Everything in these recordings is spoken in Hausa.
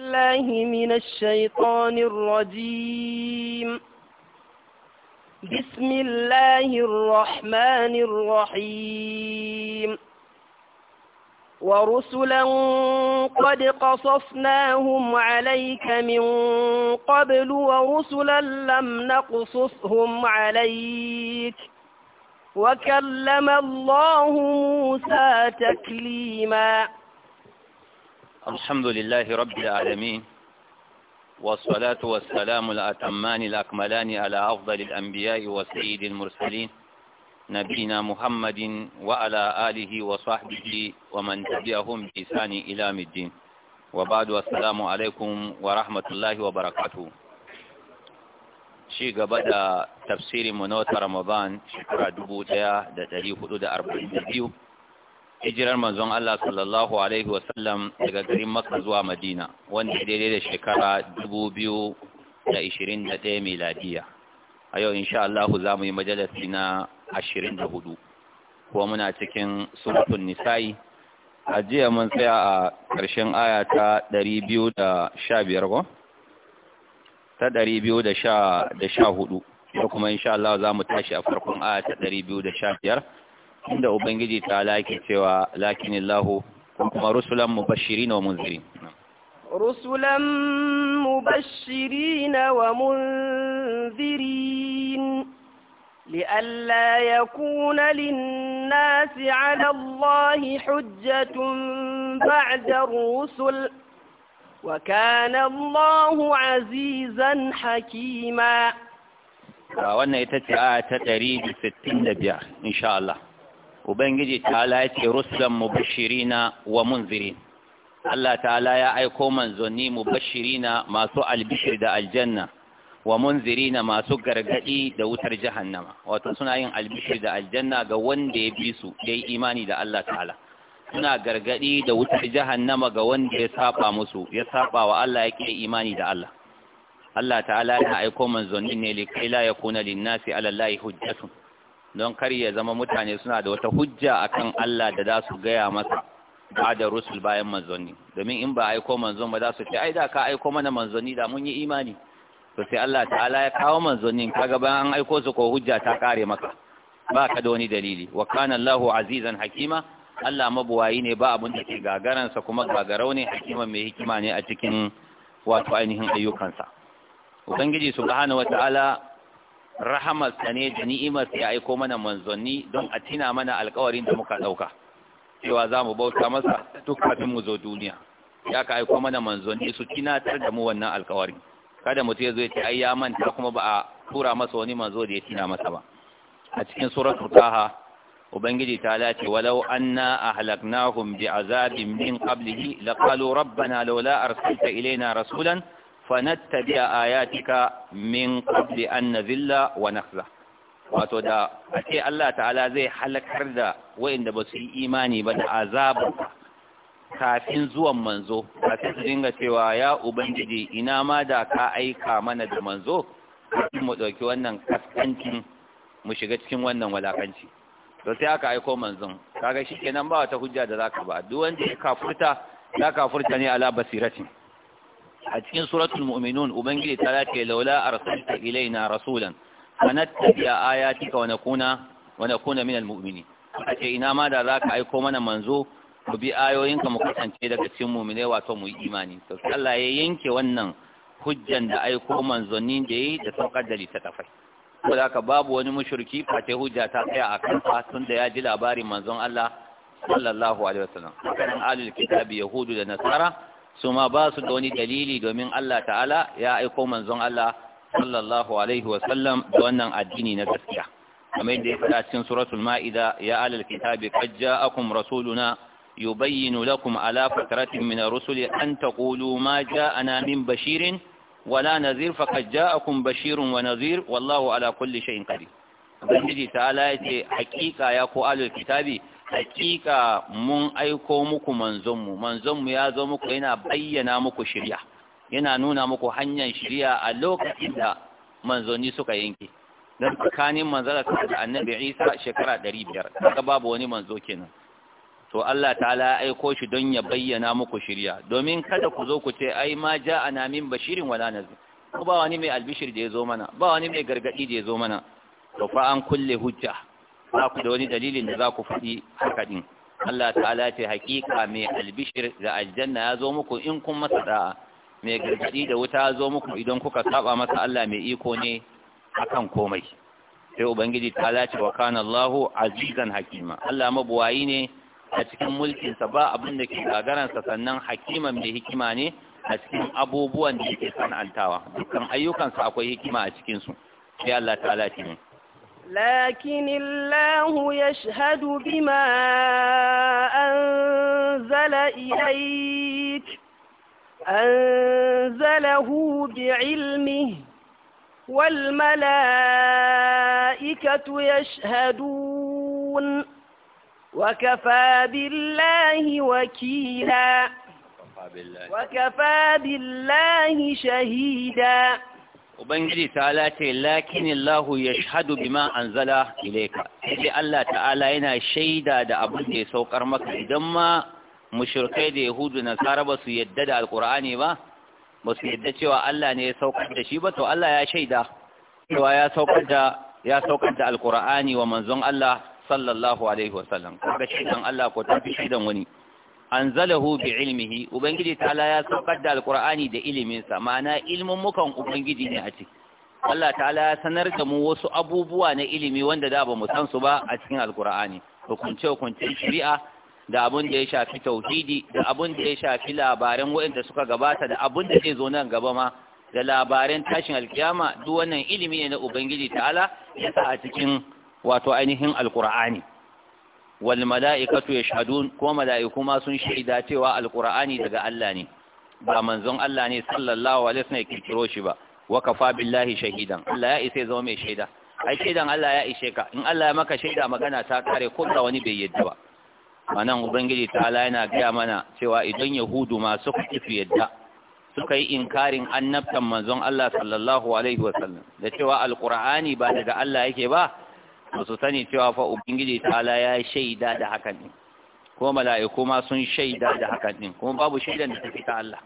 بالله من الشيطان الرجيم بسم الله الرحمن الرحيم ورسلا قد قصصناهم عليك من قبل ورسلا لم نقصصهم عليك وكلم الله موسى تكليماً الحمد لله رب العالمين والصلاة والسلام الأتمان الأكملان على أفضل الأنبياء وسيد المرسلين نبينا محمد وعلى آله وصحبه ومن تبعهم بإسان إلى الدين وبعد والسلام عليكم ورحمة الله وبركاته شيء بدأ تفسير منوت رمضان شكرا دبوتيا دا تريه حدود أربعين دبيو hijirar manzon Allah sallallahu alaihi wasallam daga garin Makka zuwa Madina wanda daidai da shekara 2021 miladiya a yau insha Allah za mu yi majalasi na 24 kuma muna cikin suratul nisa'i a jiya mun tsaya a ƙarshen aya ta 215 ko ta 214 ko kuma insha Allah za mu tashi a farkon aya ta 215 inda ubangiji ta laki cewa lakin Allahu kuma rusulan mubashirin wa munzirin rusulan mubashirin wa munzirin li'alla yakuna lin-nasi 'ala Allah hujjatun ba'da rusul wa kana 'azizan hakima wannan ita ce a ta 165 insha Allah ubangiji ta'ala ya ce rusulan mubashirina wa munzirin Allah ta'ala ya aiko manzanni mubashirina masu albishir da aljanna wa munzirina masu gargadi da wutar jahannama wato suna yin albishir da aljanna ga wanda ya bi su da yi imani da Allah ta'ala suna gargadi da wutar jahannama ga wanda ya saba musu ya saba wa Allah ya kire imani da Allah Allah ta'ala ya aiko manzanni ne likai la yakuna lin-nasi ala Allah hujjatun don kar ya zama mutane suna da wata hujja akan Allah da za su gaya masa ba da rusul bayan manzoni, domin in ba aiko manzon ba za su ce ai da ka aiko mana manzoni da mun yi imani to sai Allah ta'ala ya kawo manzonin kaga bayan an aiko su ko hujja ta kare maka ba ka da wani dalili wa kana Allahu azizan hakima Allah mabuwayi ne ba abun da ke gagaransa kuma gagarau ne hakima mai hikima ne a cikin wato ainihin ayyukansa ubangiji subhanahu wataala rahamarsa ne da ni'imarsa ya aiko mana manzanni don a tina mana alkawarin da muka ɗauka cewa za mu bauta masa duk kafin mu zo duniya ya ka aiko mana manzanni su tinatar da mu wannan alkawarin kada mu ya zo ya ce ai ya manta kuma ba a tura masa wani manzo da ya tina masa ba a cikin suratul taha ubangiji ta lace walau anna ahlaknahum bi azabin min qablihi laqalu rabbana laula arsalta ilaina rasulan fanattabi'a ayatika min qabli an nazilla wa nakhza wato da ake Allah ta'ala zai halakar da wayanda ba su yi imani ba da azabu kafin zuwan manzo ba su dinga cewa ya ubangiji ina ma da ka aika mana da manzo kafin mu dauki wannan kaskancin mu shiga cikin wannan walakanci to sai aka aiko manzon kaga shikenan ba wata hujja da zaka ba duk wanda ya kafurta ya kafurta ne ala basiratin a cikin suratul mu'minun ubangiji ta lace laula arsalta ilaina rasulan fanattabi'a ayatika wa nakuna wa nakuna minal mu'minin ce ina ma da zaka aiko mana manzo mu bi ayoyinka mu kasance daga cikin mu'minai wato mu yi imani to Allah ya yanke wannan hujjan da aiko manzonin da yayi da saukar da littafai ko da haka babu wani mushriki fate hujja ta tsaya a kansa tun da ya ji labarin manzon Allah sallallahu alaihi wasallam kan alul kitabi yahudu da nasara su ma ba su da wani dalili domin Allah ta'ala ya aiko manzon Allah sallallahu alaihi wasallam da wannan addini na gaskiya kamar yadda ya faɗa cikin suratul ma'ida ya alal kitabi qad ja'akum rasuluna yubayyinu lakum ala fatratin min ar-rusuli an taqulu ma ja'ana min bashirin wala nadhir faqad ja'akum bashirun wa nadhir wallahu ala kulli shay'in qadir ubangiji ta'ala yace hakika ya ko alal kitabi hakika mun aiko muku manzonmu manzonmu ya zo muku yana bayyana muku shirya yana nuna muku hanyar shirya a lokacin da manzoni suka yanke don tsakanin manzara da annabi isa shekara ɗari biyar kaga babu wani manzo kenan to Allah ta'ala ya aiko shi don ya bayyana muku shirya domin kada ku zo ku ce ai ma ja ana min bashirin wala nazir ko ba wani mai albishir da ya zo mana ba wani mai gargadi da ya zo mana to fa an kulle hujja ba ku da wani dalilin da za ku faɗi haka Allah ta'ala ce hakika mai albishir da aljanna ya zo muku in kun masa da'a mai gargadi da wuta ya zo muku idan kuka saba masa Allah mai iko ne akan komai sai ubangiji ta'ala ce wa kana Allahu azizan hakima Allah mabuwayi ne a cikin mulkin sa ba abin da ke gagaran sa sannan hakiman mai hikima ne a cikin abubuwan da yake sanantawa. dukkan sa akwai hikima a cikin su sai Allah ta'ala ce لكن الله يشهد بما أنزل إليك أنزله بعلمه والملائكة يشهدون وكفى بالله وكيلا وكفى بالله شهيدا ubangiji ta'ala ce lakinillahu yashhadu bima anzala ilayka sai Allah ta'ala yana shaida da abin da ya saukar maka idan ma mushrikai da yahudu na tsara ba su yadda da alqur'ani ba ba su yadda cewa Allah ne ya saukar da shi ba to Allah ya shaida cewa ya saukar da ya wa manzon Allah sallallahu alaihi wasallam kaga shaidan Allah ko fi shaidan wani anzalahu bi ilmihi ubangiji ta'ala ya saukar da alqur'ani da iliminsa ma'ana ilmin mukan ubangiji ne a ciki Allah ta'ala ya sanar da mu wasu abubuwa na ilimi wanda da ba mu san su ba a cikin alqur'ani hukunce hukunce shari'a da abun da ya shafi tauhidi da abun da ya shafi labaran waɗanda suka gabata da abun da zai zo nan gaba ma da labaran tashin alkiyama duk wannan ilimi ne na ubangiji ta'ala ya sa a cikin wato ainihin alqur'ani wal mala'ikatu yashhadun ko mala'iku ma sun shaida cewa alqur'ani daga Allah ne ba manzon Allah ne sallallahu alaihi wasallam ya kiro shi ba wa kafa billahi shahidan Allah ya isa zama mai shaida ai shaidan Allah ya ishe ka in Allah ya maka shaida magana ta kare ko da wani bai yadda ba anan ubangiji ta'ala yana gaya mana cewa idan yahudu ma suka kifi yadda suka yi inkarin annabtan manzon Allah sallallahu alaihi wasallam da cewa alqur'ani ba daga Allah yake ba ba su sani cewa fa ubangiji ta'ala ya shaida da hakan ne ko mala'iku ma sun shaida da hakan ne kuma babu shaidan da take ta Allah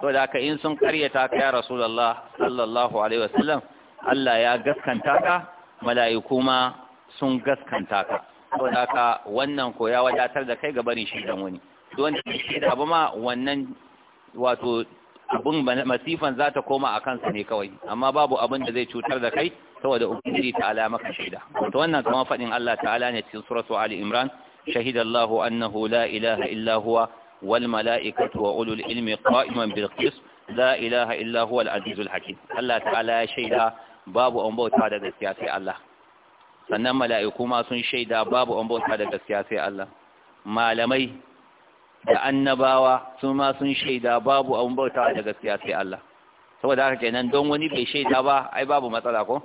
to da haka in sun karyata ka ya rasulullah sallallahu alaihi wasallam Allah ya gaskanta ka mala'iku ma sun gaskanta ka to da haka wannan ko ya wadatar da kai ga barin shaidan wani don shaida ba ma wannan wato abun masifan za ta koma a kansa ne kawai amma babu abin da zai cutar da kai saboda ubangiji ta'ala maka shaida to wannan kuma fadin Allah ta'ala ne cikin suratu ali imran shahida Allah annahu la ilaha illa huwa wal mala'ikatu wa ulul ilmi qa'iman bil qist la ilaha illa huwa al azizul hakim Allah ta'ala ya shaida babu an bauta da gaskiya sai Allah sannan mala'iku ma sun shaida babu an bauta da gaskiya sai Allah malamai da annabawa su ma sun shaida babu an bauta da gaskiya sai Allah saboda haka kenan don wani bai shaida ba ai babu matsala ko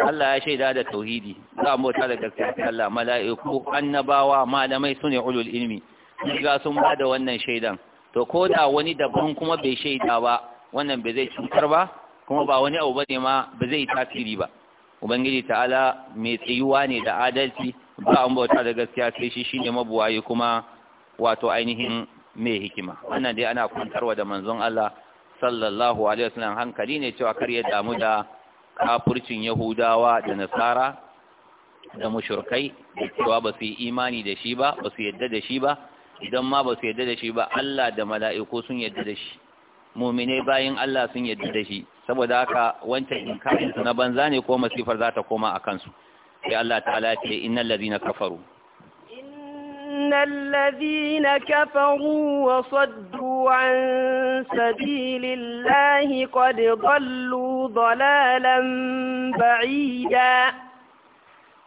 Allah ya shaida da tauhidi za a mota da gaskiya Allah mala'iku annabawa malamai sune ulul ilmi ga sun ba da wannan shaidan to ko da wani daban kuma bai shaida ba wannan bai zai cutar ba kuma ba wani abu bane ma ba zai tasiri ba ubangiji ta'ala mai tsayuwa ne da adalci ba an bauta da gaskiya sai shi shine mabuwayi kuma wato ainihin mai hikima wannan dai ana kwantarwa da manzon Allah sallallahu alaihi wasallam hankali ne cewa kar ya damu da kafircin yahudawa da nasara da mushrikai da cewa ba su yi imani da shi ba ba su yadda da shi ba idan ma ba su yadda da shi ba Allah da mala'iku sun yadda da shi mumine bayin Allah sun yadda da shi saboda haka wancan inkarin na banza ne ko masifar za ta koma a kansu sai Allah ta'ala ce innal ladina kafaru أن الذين كفروا وصدوا عن سبيل الله قد ضلوا ضلالا بعيدا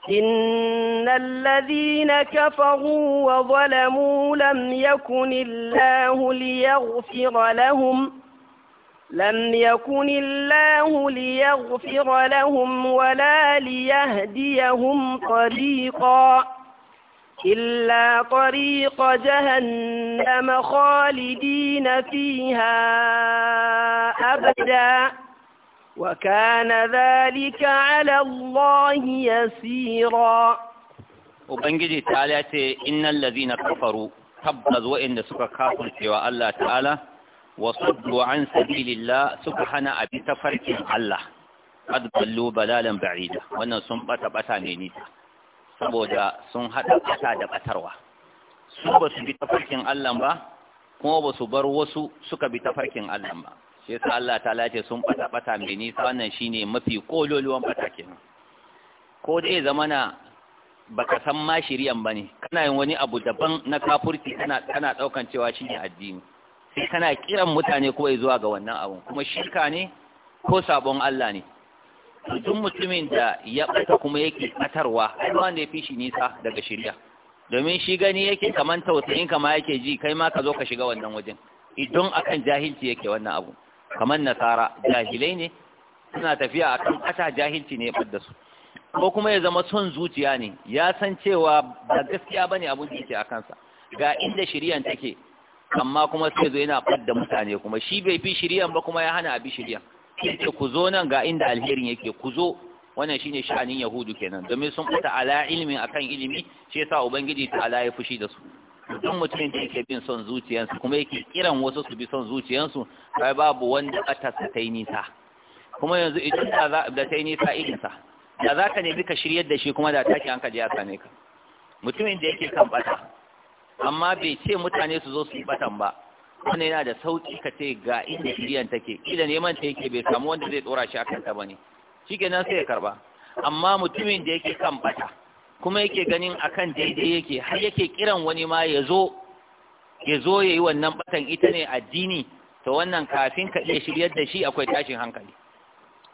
إن الذين كفروا وظلموا لم يكن الله ليغفر لهم لم يكن الله ليغفر لهم ولا ليهديهم طريقاً إلا طريق جهنم خالدين فيها أبدا وكان ذلك على الله يسيرا وبنجي تعالى إن الذين كفروا تبلز وإن سكا كافر سوى الله تعالى وصدوا عن سبيل الله سبحانه أبي تفرك الله قد ضلوا بلالا بعيدا وأن سنبت بتاني نيتا saboda sun haɗa ƙasa da ɓatarwa su ba su bi farkin Allah ba kuma ba su bar wasu suka bi ta farkin Allah ba shi yasa Allah ta lace sun ɓata ɓata mai nisa wannan shine mafi kololuwan ɓata kenan ko dai zamana baka san ma shiriyan bane kana yin wani abu daban na kafurci kana kana daukan cewa shine addini sai kana kiran mutane kuma zuwa ga wannan abu kuma shirka ne ko sabon Allah ne duk mutumin da ya ɓata kuma yake ɓatarwa ai wanda fi shi nisa daga shirya domin shi gani yake kaman tausayin kama yake ji kai ma ka zo ka shiga wannan wajen idan akan jahilci yake wannan abu kaman nasara jahilai ne suna tafiya akan ƙasa jahilci ne ya ɓadda su ko kuma ya zama son zuciya ne ya san cewa ba gaskiya bane abun da yake a kansa ga inda shiryan take amma kuma sai zo yana fadda mutane kuma shi bai fi shiryan ba kuma ya hana abi shiryan yace ku zo nan ga inda alherin yake ku zo wannan shine sha'anin yahudu kenan domin sun fita ala ilmin akan ilimi shi yasa ubangiji ta ala ya fushi da su duk mutumin da yake bin son zuciyarsu kuma yake kiran wasu su bi son zuciyarsu kai babu wanda katarsa ta yi nisa kuma yanzu idan da za da ta yi nisa irinsa da za ka nemi ka shiryar da shi kuma da take an ka je ya same ka mutumin da yake kan bata amma bai ce mutane su zo su yi batan ba wani yana da sauƙi ka ce ga inda shiriyan take kila neman ta yake bai samu wanda zai tsora shi a kanta ba ne nan sai ya karba amma mutumin da yake kan bata kuma yake ganin akan daidai yake har yake kiran wani ma ya zo ya zo ya yi wannan batan ita ne addini to wannan kafin ka iya shiryar da shi akwai tashin hankali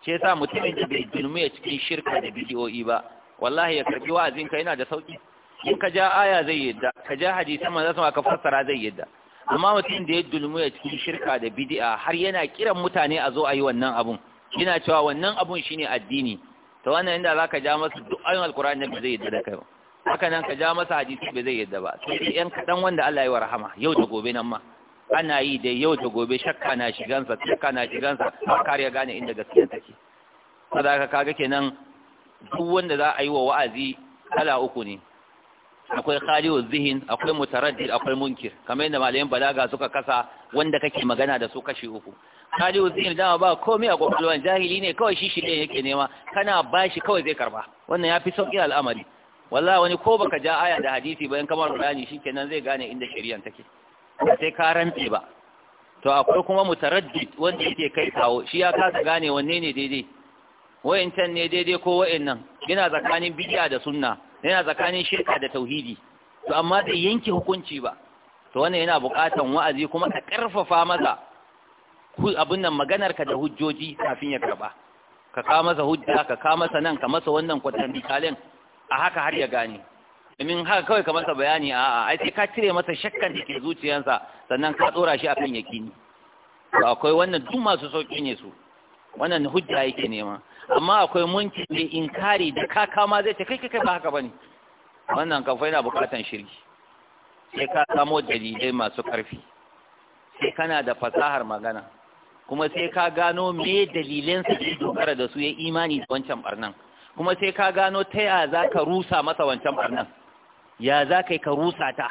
shi yasa mutumin da bai dulmu ya cikin shirka da bidiyoyi ba wallahi ya karbi wa'azin yana da sauki in ka ja aya zai yadda ka ja hadisi manzo sama ka fassara zai yadda amma mutum da ya dulmu ya cikin shirka da bidi'a har yana kiran mutane a zo a yi wannan abun yana cewa wannan abun shine addini to wannan inda za ka ja masa duk ayoyin alkur'ani ba zai yadda da kai haka nan ka ja masa hadisi ba zai yadda ba sai yan kadan wanda Allah ya wa rahama yau da gobe nan ma ana yi da yau da gobe shakka na shigansa shakka na shigansa har kar ya gane inda gaskiya take saboda kaga kenan duk wanda za a yi wa wa'azi kala uku ne akwai khaliyu zihin akwai mutaraddid akwai munkir kamar yadda malayan balaga suka kasa wanda kake magana da su kashi uku khaliyu zihin da ba komai a kwakwalwan jahili ne kawai shi ne yake nema kana bashi kawai zai karba wannan ya fi sauƙin al'amari wallahi wani ko baka ja aya da hadisi bayan kamar qur'ani kenan zai gane inda shari'an take sai ka rantse ba to akwai kuma mutaraddid wanda yake kai kawo shi ya kasa gane wanne ne daidai Wa'incan ne daidai ko nan? yana tsakanin bid'a da sunna yana tsakanin shirka da tauhidi to amma da yanke hukunci ba to wannan yana buƙatan wa'azi kuma ka ƙarfafa masa abin nan maganar ka da hujjoji kafin ya karba ka ka masa hujja ka ka masa nan ka masa wannan kwatan misalin a haka har ya gane domin haka kawai ka masa bayani a ai sai ka cire masa shakkan da ke zuciyarsa sannan ka tsora shi akan yakini to akwai wannan duk masu sauki ne su wannan hujja yake nema amma akwai munki da inkari da kaka ma zai ce kai kai ba haka bane wannan kafai na bukatan shiri sai ka samo dalilai masu karfi sai kana da fasahar magana kuma sai ka gano me dalilan su ke dogara da su ya imani da wancan barnan kuma sai ka gano ta ya za ka rusa masa wancan barnan ya za ka ka rusa ta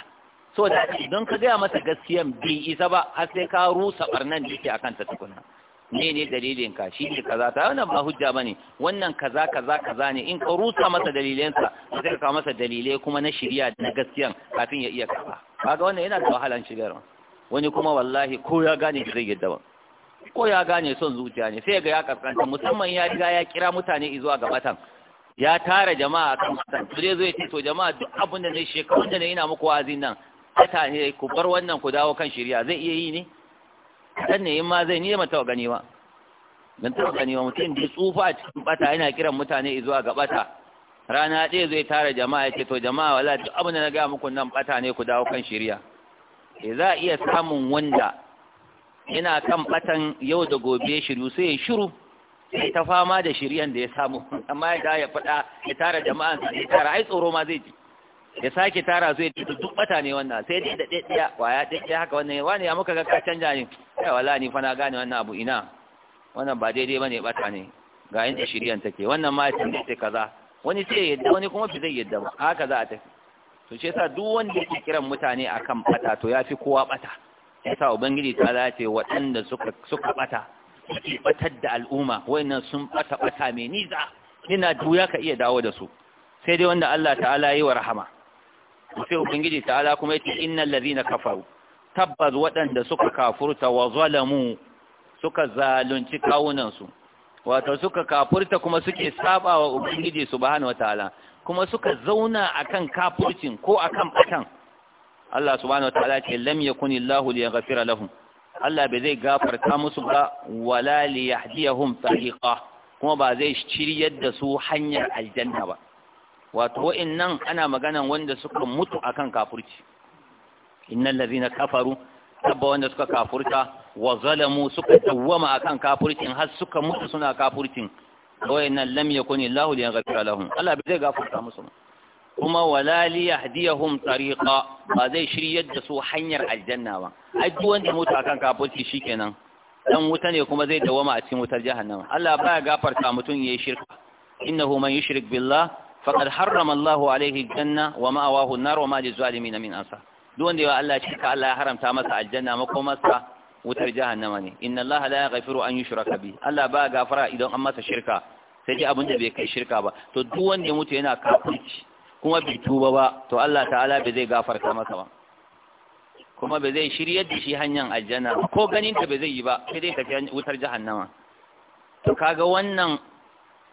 so da idan ka gaya masa gaskiyan bai isa ba har sai ka rusa barnan da yake akan ta tukuna ne ne dalilin ka shi ne kaza ta wannan ba hujja bane wannan kaza kaza kaza ne in ka rusa masa dalilansa sai ka kawo masa dalilai kuma na shiriya da na gaskiya kafin ya iya kafa kaga wannan yana da wahalan shigar. wani kuma wallahi ko ya gane zai yadda ba ko ya gane son zuciya ne sai ga ya kaskanta musamman ya riga ya kira mutane zuwa ga batan ya tara jama'a kan batan zai ce to jama'a duk abin da ne shekarun da ne ina muku wa'azin nan ne ku bar wannan ku dawo kan shiriya zai iya yi ne kaɗan ne in ma zai ni ma taɓa gani ba don taɓa gani ba mutum da tsufa a cikin bata yana kiran mutane zuwa ga bata rana ɗaya zai tara jama'a ya ce to jama'a wala duk abin da na gaya muku nan bata ne ku dawo kan shirya e za a iya samun wanda yana kan batan yau da gobe shiru sai ya shiru sai ta fama da shiryan da ya samu amma ya ya faɗa ya tara sai ya tara ai tsoro ma zai ji ya sake tara zai ya ce duk bata ne wannan sai dai da ɗaya waya ɗaya haka wannan wani ya muka ga ka canja ne ai wallahi ni fa na gane wannan abu ina wannan ba daidai bane bata ne ga inda shiryan take wannan ma ya ce kaza wani sai ya yadda wani kuma fi zai yadda ba haka za a tafi to shi yasa duk wanda yake kiran mutane akan bata to yafi kowa bata yasa ubangiji ta ya ce waɗanda suka suka bata suke batar da al'umma wayannan sun bata bata mai niza ina duya ka iya dawo da su sai dai wanda Allah ta'ala yi wa rahama sai ubangiji ala kuma yace innal ladhina kafaru tabbas waɗanda suka kafurta wa zalamu suka zalunci kawunan su wato suka kafurta kuma suke sabawa ubangiji subhanahu wataala kuma suka zauna akan kafurcin ko akan batan Allah subhanahu wataala ce lam yakunillahu liyaghfira lahum Allah bai zai gafarta musu ba wala liyahdiyahum tariqa kuma ba zai shiryar da su hanyar aljanna ba wato wa'annan ana maganan wanda suka mutu akan kafurci innal ladhina kafaru tabba wanda suka kafurta wa zalamu suka dawwama akan kafurcin har suka mutu suna kafurcin wa'annan lam yakun illahu liyaghfira lahum Allah bai gafarta musu kuma wala li yahdihum tariqa ba zai shiryar da su hanyar aljanna ba ai wanda mutu akan kafurci shikenan dan wuta ne kuma zai dawama a cikin wutar jahannama Allah baya gafarta mutum yayin shirka innahu man yushrik billah faqad harrama Allahu alaihi janna wa ma'awahu an-nar wa ma lizalimin min ansar duk wanda yawa Allah shi ka Allah ya haramta masa aljanna makomarsa wutar jahannama ne inna Allah la yaghfiru an yushraka bi Allah ba gafara idan an masa shirka sai dai abin da bai kai shirka ba to duk wanda ya mutu yana kafirci kuma bai tuba ba to Allah ta'ala bai zai gafarta masa ba kuma bai zai shiryar da shi hanyar aljanna ko ganin ta bai zai yi ba sai dai tafi wutar jahannama to kaga wannan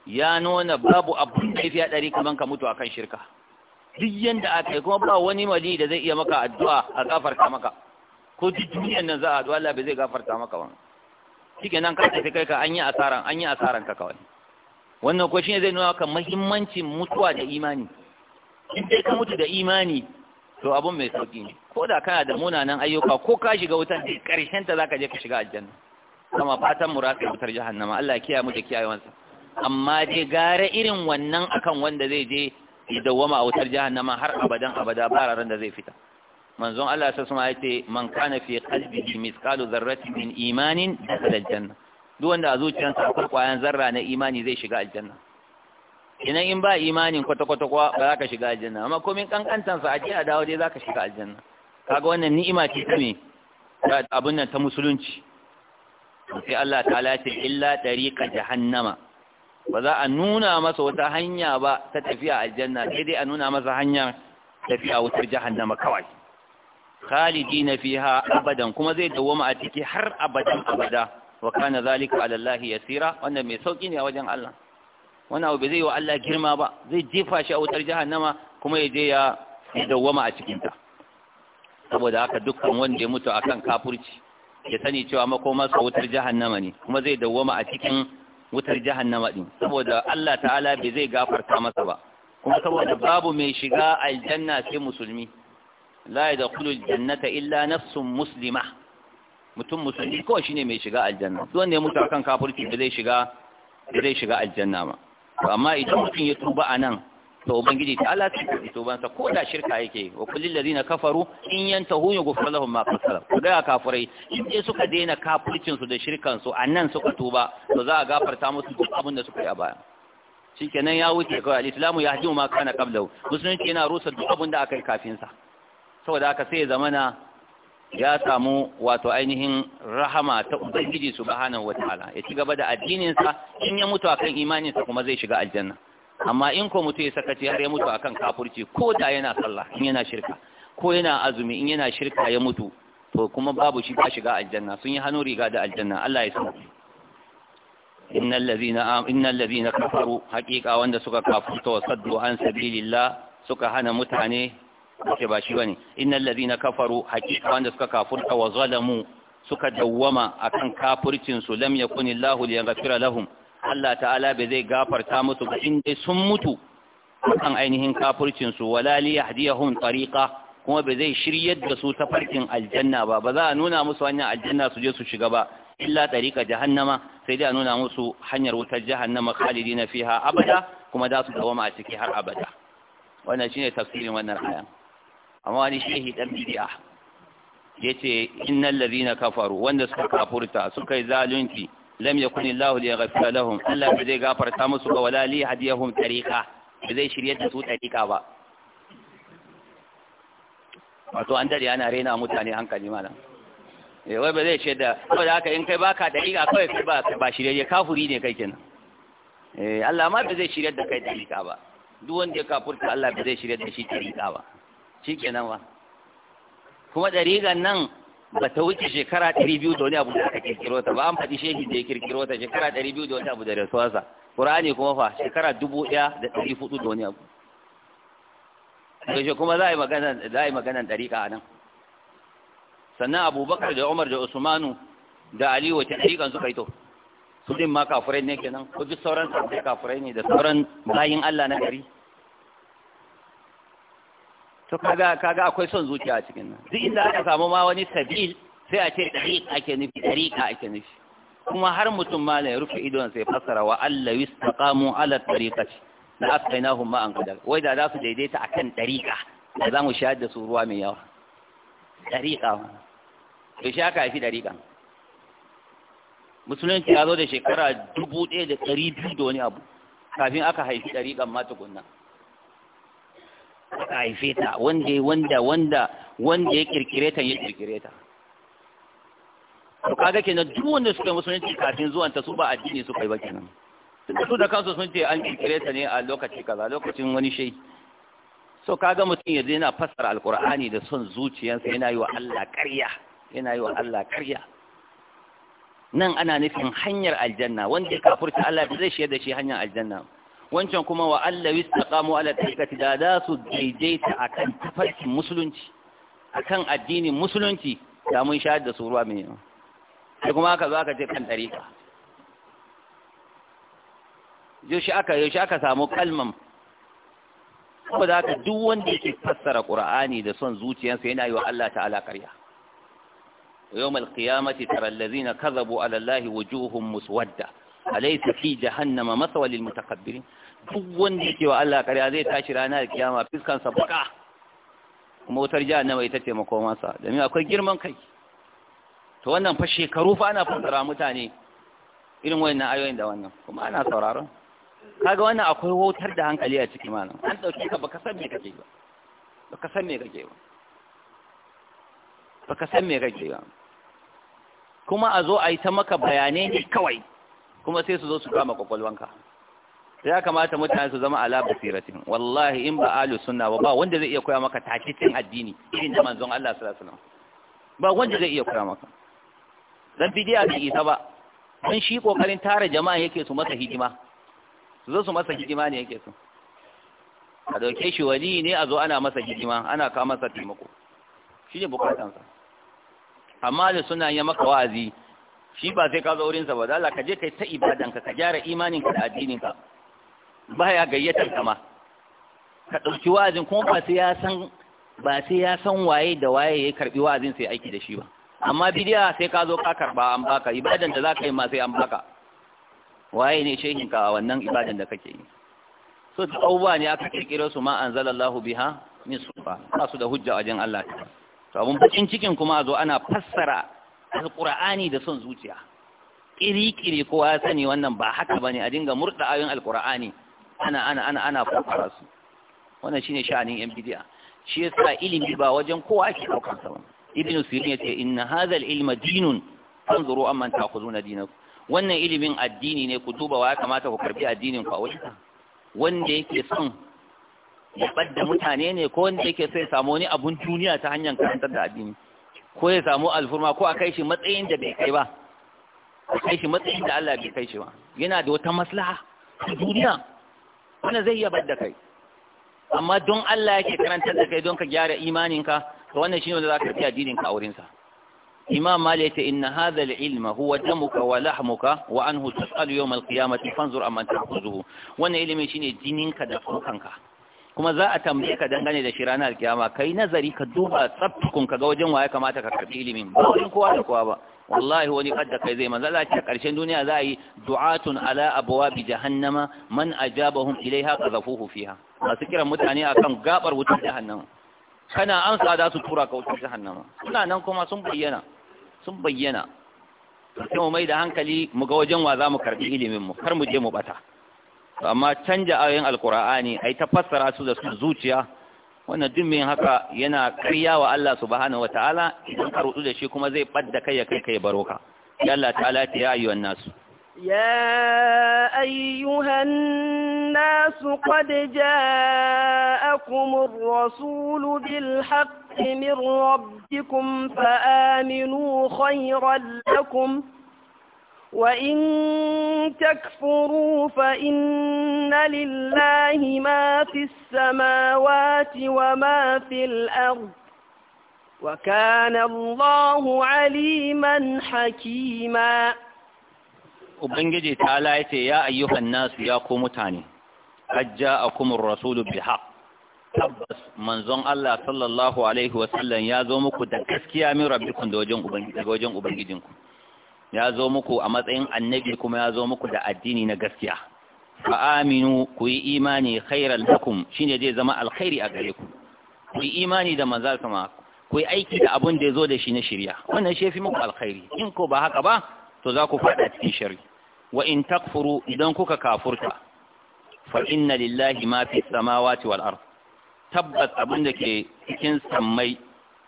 ya nuna babu abun da ya hadari kaman ka mutu akan shirka duk yanda aka yi kuma ba wani mali da zai iya maka addu'a a gafarta maka ko duk duniyan nan za a addu'a Allah bai zai gafarta maka ba shikenan ka tafi kai ka an yi asaran an yi asaran ka kawai wannan ko shine zai nuna maka muhimmancin mutuwa da imani in dai ka mutu da imani to abun mai sauki ne ko da kana da munanan ayyuka ko ka shiga wutan karshen ta zaka je ka shiga aljanna kama fatan mu wutar jahannama Allah ya kiyaye mu da kiyayewansa amma dai gara irin wannan akan wanda zai je ya dawwama a wutar jahannama har abadan abada ba da zai fita manzon Allah sa suma yace man kana fi qalbihi mithqalu zarrati min imanin dakhala aljanna duk wanda a zuciyarsa akwai kwayan zarra na imani zai shiga aljanna idan in ba imanin kwata kwata kwa ba za ka shiga aljanna amma komin kankantan sa aje a dawo dai za ka shiga aljanna kaga wannan ni'ima ce ta me abun nan ta musulunci sai Allah ta'ala ce illa tariqa jahannama ba za a nuna masa wata hanya ba ta tafiya aljanna sai dai a nuna masa hanyar tafiya wutar jahannama kawai fi ha abadan kuma zai dawoma a ciki har abadan abada wa kana zalika ala Allah yasira wannan mai sauki ne a wajen Allah wannan abu zai wa Allah girma ba zai jefa shi a wutar jahannama kuma ya je ya dawoma a cikin ta saboda haka dukkan wanda ya mutu akan kafirci ya sani cewa sa wutar jahannama ne kuma zai dawoma a cikin wutar jahannama din saboda Allah ta'ala bai zai gafarta masa ba kuma saboda babu mai shiga aljanna sai musulmi la yadkhulul jannata illa nafsun muslima mutum musulmi ko shine mai shiga aljanna duk wanda ya mutu akan kafirci ba zai shiga bai shiga aljanna ba. amma idan mutum ya tuba anan to ubangiji ta Allah ta yi to bansa ko da shirka yake wa kullil ladina kafaru in yantahu yughfar lahum ma qad salaf ga kafirai in dai suka daina kafircin su da shirkan su annan suka tuba to za a gafarta musu duk abin da suka yi a baya shikenan ya wuce kawai al-islamu hadu ma kana qablahu musulunci yana rusa duk abin da aka yi kafin sa saboda haka sai zamana ya samu wato ainihin rahama ta ubangiji subhanahu wataala ya ci gaba da addinin sa in ya mutu akan imanin sa kuma zai shiga aljanna amma in ko mutu ya sakaci har ya mutu akan kafurci ko da yana sallah in yana shirka ko yana azumi in yana shirka ya mutu to kuma babu shi ba shiga aljanna sun yi hannu riga da aljanna Allah ya san innal ladina innal ladina kafaru haqiqa wanda suka kafurta wa saddu an sabilillah suka hana mutane ke ba shi bane innal ladhina kafaru haqiqa wanda suka kafurta wa zalamu suka dawwama akan kafurcin su lam yakunillahu liyaghfira lahum Allah ta'ala bai zai gafarta musu ba in dai sun mutu kan ainihin kafircinsu wala li yahdiyahum tariqa kuma bai zai shiryar da su ta farkin aljanna ba ba za a nuna musu hanyar aljanna su je su shiga ba illa tariqa jahannama sai dai a nuna musu hanyar wutar jahannama khalidina fiha abada kuma za su dawama a ciki har abada wannan shine tafsirin wannan aya amma wani shehi dan na yace innal ladina kafaru wanda suka kafurta suka yi zalunci lam yakun Allah li lahum Allah ba zai gafarta musu ba wala li hadiyahum tariqa ba zai shirye da su tariqa ba wato an dare ana rena mutane hankali malam eh wai ba zai ce da saboda haka in kai baka dariqa kawai kai ba ba shirye kafuri ne kai kenan eh Allah ma ba zai shirye da kai tariqa ba duk wanda ya kafurta Allah ba zai shirye da shi tariqa ba shikenan wa kuma dariqan nan ba ta wuce shekara ɗari biyu da wani abu da aka kirkiro ta ba an faɗi shehi da ya kirkiro ta shekara ɗari biyu da wani abu da rasuwarsa ƙur'ani kuma fa shekara dubu ɗaya da ɗari hudu da wani abu gaishe kuma za a yi magana za a yi magana ɗari a nan sannan abubakar da umar da usmanu da ali wace ɗariƙan suka yi to su ɗin ma kafurai ne kenan ko duk sauran sabbin kafurai ne da sauran bayin allah na ɗari. to kaga kaga akwai son zuciya a cikin nan duk inda aka samu ma wani sabil sai a ce dariq ake nufi dariqa ake nufi kuma har mutum ma ya rufe idon sai fasara wa Allah yastaqamu ala tariqati la asqainahum ma an qadar wai da za su daidaita akan dariqa da za mu shayar da su ruwa mai yawa dariqa to shi aka yi dariqa musulunci ya zo da shekara dubu ɗaya da ɗari biyu da wani abu kafin aka haifi ɗariƙan ma tukunna aka haife ta wanda wanda wanda wanda ya kirkire ta ya kirkire ta to kaga kenan duk wanda suka musulunci kafin zuwan ta su ba addini suka yi ba kenan su da kansu sun ce an kirkire ta ne a lokaci kaza lokacin wani shai so kaga mutum yana fassara alkur'ani da son zuciyarsa yana yi wa Allah ƙarya yana yi wa Allah ƙarya nan ana nufin hanyar aljanna wanda ya kafurta Allah zai shiyar da shi hanyar aljanna wancan kuma wa Allah wistaqamu ala tariqati da za su daidaita akan tafarkin musulunci akan addinin musulunci da mun shahada da su ruwa mai yawa sai kuma aka zo aka ce kan tariqa yaushe aka yaushe aka samu kalman saboda haka duk wanda yake fassara qur'ani da son zuciyarsa yana yi wa Allah ta'ala ƙarya yawmal qiyamati tara allazina kadhabu ala allahi wujuhum muswadda alaysa fi jahannama maswa lil mutakabbirin duk wanda yake wa Allah kariya zai tashi ranar kiyama fiskan sa baka motar wutar jahannama ita ce makoma sa domin akwai girman kai to wannan fa shekaru fa ana fara mutane irin wayannan ayoyin da wannan kuma ana sauraron kaga wannan akwai wautar da hankali a cikin malam an dauke ka baka san me kake ba baka san me kake ba baka san me kake ba kuma a zo a yi ta maka bayanai ne kawai kuma sai su zo su kama kwakwalwanka ya kamata mutane su zama ala basiratin wallahi in ba alu sunna ba ba wanda zai iya koya maka takitin addini irin da manzon Allah sallallahu alaihi wasallam ba wanda zai iya koya maka dan bidiya bai isa ba dan shi kokarin tare jama'a yake su masa hidima su zo su masa hidima ne yake su a dauke shi wani ne a zo ana masa hidima ana kawo masa taimako shine bukatansa amma da suna yin maka wa'azi shi ba sai ka zo wurin sa ba Allah ka je kai ta ibadanka ka gyara imaninka da addininka ya gayyatar ka ma ka dauki wa'azin kuma ba sai ya san ba sai ya san waye da waye ya karbi wa'azin sai aiki da shi ba amma bidiya sai ka zo ka karba an baka ibadan da za ka yi ma sai an baka waye ne shehin ka a wannan ibadan da kake yi so da abubuwa ne aka kirkiro su ma anzalallahu biha min sufa ba su da hujja wajen Allah to abun bakin cikin kuma a zo ana fassara alƙur'ani da son zuciya ƙiri-ƙiri kowa ya sani wannan ba haka ba ne a dinga murɗa ayon alƙur'ani ana ana ana ana fafara su wannan shine sha'anin yan bidiya shi yasa ilimi ba wajen kowa ake ɗaukar sa ba ibn sirin ya ce inna hadha al-ilma dinun amma fanzuru amman ta'khuduna dinakum wannan ilimin addini ne ku duba wa ya kamata ku karbi addinin ku a wajen wanda yake son ya ɓadda mutane ne ko wanda yake ya samu wani abun duniya ta hanyar karantar da addini ko ya samu alfurma ko a kai shi matsayin da bai kai ba a kai shi matsayin da Allah bai kai shi ba yana da wata maslaha a duniya wanda zai iya bar da kai amma don Allah yake karantar da kai don ka gyara imaninka to wannan shine wanda zaka fi addinin ka aurin sa imam malik yace inna hadha al-ilma huwa damuka wa lahmuka wa anhu tus'alu yawm al-qiyamati fanzur amman ta'khuzuhu wannan ilimi shine jininka da tsokanka kuma za a tambaye ka dangane da shi ranar alkiyama kai nazari ka duba tsaftukun ka ga wajen waye kamata ka karbi ilimin ba wajen kowa da kowa ba wallahi wani kadda kai zai manzo Allah ce karshen duniya za a yi du'atun ala abuwa abwabi jahannama man ajabahum ilaiha qazafuhu fiha masu kiran mutane akan gabar wutar jahannama kana amsa da su tura ka wutar jahannama suna nan kuma sun bayyana sun bayyana sai mu mai da hankali mu ga wajen wa za mu karɓi ilimin mu kar mu je mu bata amma canja ayoyin alkur'ani ai ta fassara su da su zuciya wannan duk haka yana karya wa Allah subhanahu wataala idan ka rudu da shi kuma zai badda kai ya kai kai baroka ya Allah ta'ala ta ya ayyuhan nasu يا أيها الناس قد جاءكم الرسول rabbikum fa Aminu فآمنوا خيرا wa وإن تكفروا فإن لله ما في السماوات وما في الأرض وكان الله عليما حكيما Ubangiji ta laice ya ayyukan nasu ya ku mutane, hajja a kuma rasulu bihaq. Tabbas manzon Allah sallallahu Alaihi wasallam ya zo muku da gaskiya min rabbi kun da wajen Ubangijinku. ya zo muku a matsayin annabi kuma ya zo muku da addini na gaskiya fa aminu ku yi imani khairan lakum shine zai zama alkhairi a gare ku ku yi imani da manzal kuma ku yi aiki da abun da ya zo da shi na shirya wannan shi ya fi muku alkhairi in ko ba haka ba to za ku faɗa cikin shari wa in takfuru idan kuka kafurta fa inna lillahi ma fi samawati wal ard tabbas abun da ke cikin sammai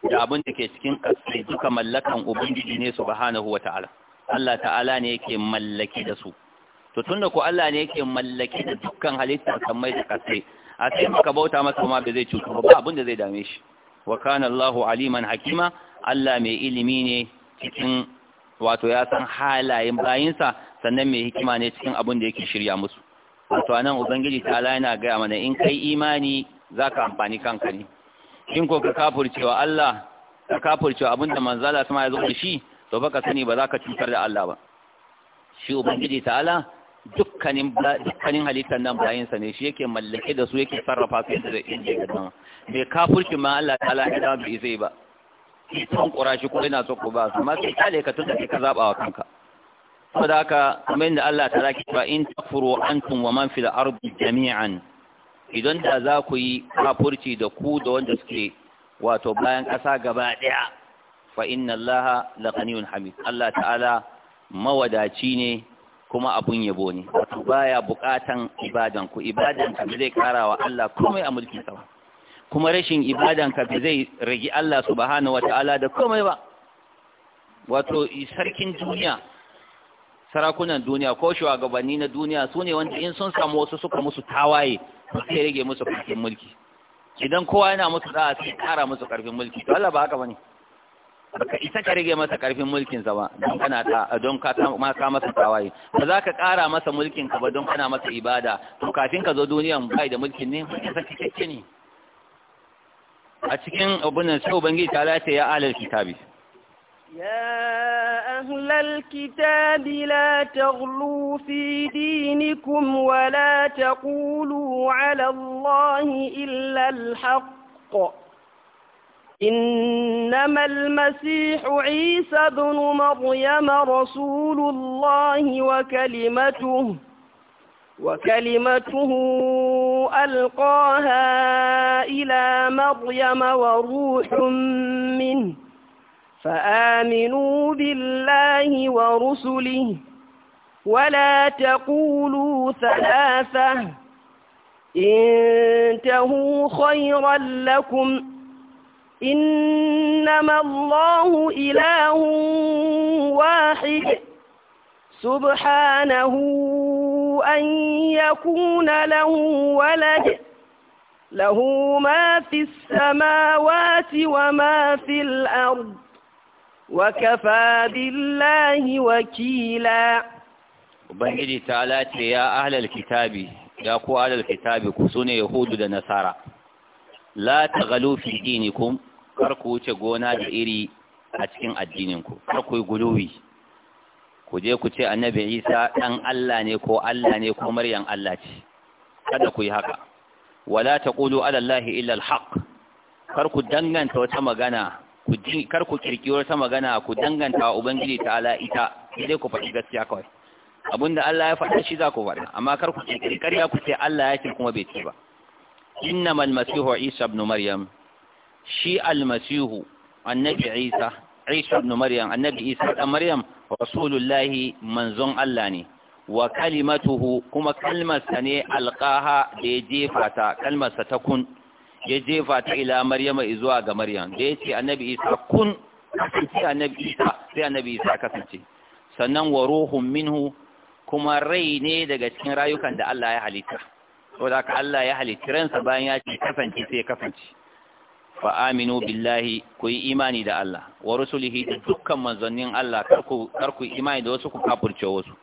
da abin da ke cikin ƙasai duka mallakan ubangiji ne subhanahu wa ta'ala Allah ta'ala ne yake mallake da su to tunda ko Allah ne yake mallaki da dukkan halittar kamar da kasai a sai maka bauta masa kuma ba zai cutu ba abin da zai dame shi wa kana Allahu aliman hakima Allah mai ilimi ne cikin wato ya san halayen bayinsa sannan mai hikima ne cikin abin da yake shirya musu wato anan ubangiji ta'ala yana gaya mana in kai imani zaka amfani kanka ne Kin ko ka kafurcewa Allah ka kafurcewa abinda manzala sama ya zo da shi to baka sani ba za ka cutar da Allah ba shi ubangiji ta'ala dukkanin dukkanin halittar nan bayansa ne shi yake mallake da su yake sarrafa su yadda zai iya gaba me kafirci ma Allah ta'ala ya zama bai zai ba son kura shi ko ina so ko ba amma sai kale ka tunda ka zaba wa kanka saboda haka kamar yadda Allah ta zaki ba in takfuru antum wa man fil ardi jami'an idan da za ku yi kafurci da ku da wanda suke wato bayan ƙasa gaba ɗaya fa inna allaha hamid Allah ta'ala mawadaci ne kuma abun yabo ne wato baya bukatan ibadan ku ibadan ka zai karawa Allah komai a mulkin sa kuma rashin ibadan ka zai rage Allah subhanahu wataala da komai ba wato sarkin duniya sarakunan duniya ko shugabanni na duniya su ne wanda in sun samu wasu suka musu tawaye sai rage musu karfin mulki idan kowa yana musu za a sai kara musu karfin mulki to Allah ba haka bane baka isa ka rage masa karfin mulkinsa ba don kana ta don ka ka masa tawaye ba za ka ƙara masa mulkin ka ba don kana masa ibada to kafin ka zo duniyan bai da mulkin ne mulkin sa cikakke ne a cikin abunan nan sai ubangiji ta lata ya alal kitabi Ya ahlal kitabi la الكتاب لا تغلوا في دينكم ولا تقولوا على الله إلا الحق إنما المسيح عيسى بن مريم رسول الله وكلمته وكلمته ألقاها إلى مريم وروح منه فآمنوا بالله ورسله ولا تقولوا ثلاثة إنتهوا خيرا لكم إنما الله إله واحد سبحانه أن يكون له ولد له ما في السماوات وما في الأرض وكفى بالله وكيلا وبهدي تعالى يا أهل الكتاب يا أهل الكتاب كسون يهود ونصارى لا تغلوا في دينكم kar ku wuce gona da iri a cikin addininku kar ku yi guluwi ku je ku ce annabi isa ɗan allah ne ko allah ne ko Maryam allah ce kada ku yi haka wala taqulu ala allahi illa alhaq kar ku danganta wata magana ku ji kar ku kirki wata magana ku danganta wa ubangiji Ala ita sai ku faɗi gaskiya kawai abinda Allah ya faɗa shi za ku faɗa amma kar ku kirkiri ya ku ce Allah ya ce kuma bai ce ba innamal masihu isa ibn maryam shi almasihu annabi isa isa ibn maryam annabi isa dan maryam rasulullahi manzon Allah ne wa kalimatuhu kuma kalmarsa ne alqaha da ya jefa ta kalmarsa ta kun ya jefa ila maryama zuwa ga maryam da yace annabi isa kun kasance annabi isa sai annabi isa kasance sannan wa ruhun minhu kuma rai ne daga cikin rayukan da Allah ya halitta saboda haka Allah ya halitta ransa bayan ya ce kasance sai kasance fa aminu billahi ku yi imani da Allah wa rusulihi da dukkan manzannin Allah karku imani da wasu ku kafurce wasu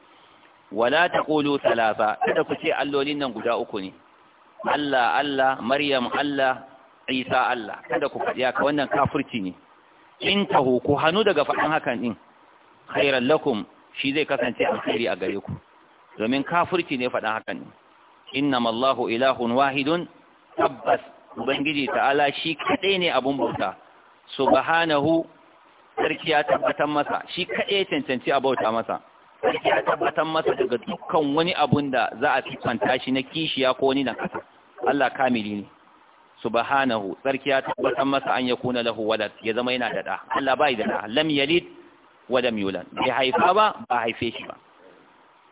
wala taqulu thalatha kada ku ce allolin nan guda uku ne Allah Allah Maryam Allah Isa Allah kada ku faɗi haka wannan kafirci ne in taho ku hannu daga faɗin hakan din khairan lakum shi zai kasance alkhairi a gare ku domin kafirci ne faɗin hakan ne innamallahu ilahun wahidun tabbas ubangiji ta'ala shi kaɗai ne abin bauta subhanahu sarki ya tabbatar masa shi kadai cancanci a bauta masa sarki ya tabbatar masa daga dukkan wani abun da za a fifanta shi na kishiya ko wani na kasa Allah kamili ne subhanahu sarki ya tabbatan masa an ya lahu wadat, ya zama yana da ɗa, Allah bai da ɗa, lam yalid wadam yulan, bai haifa ba ba haife shi ba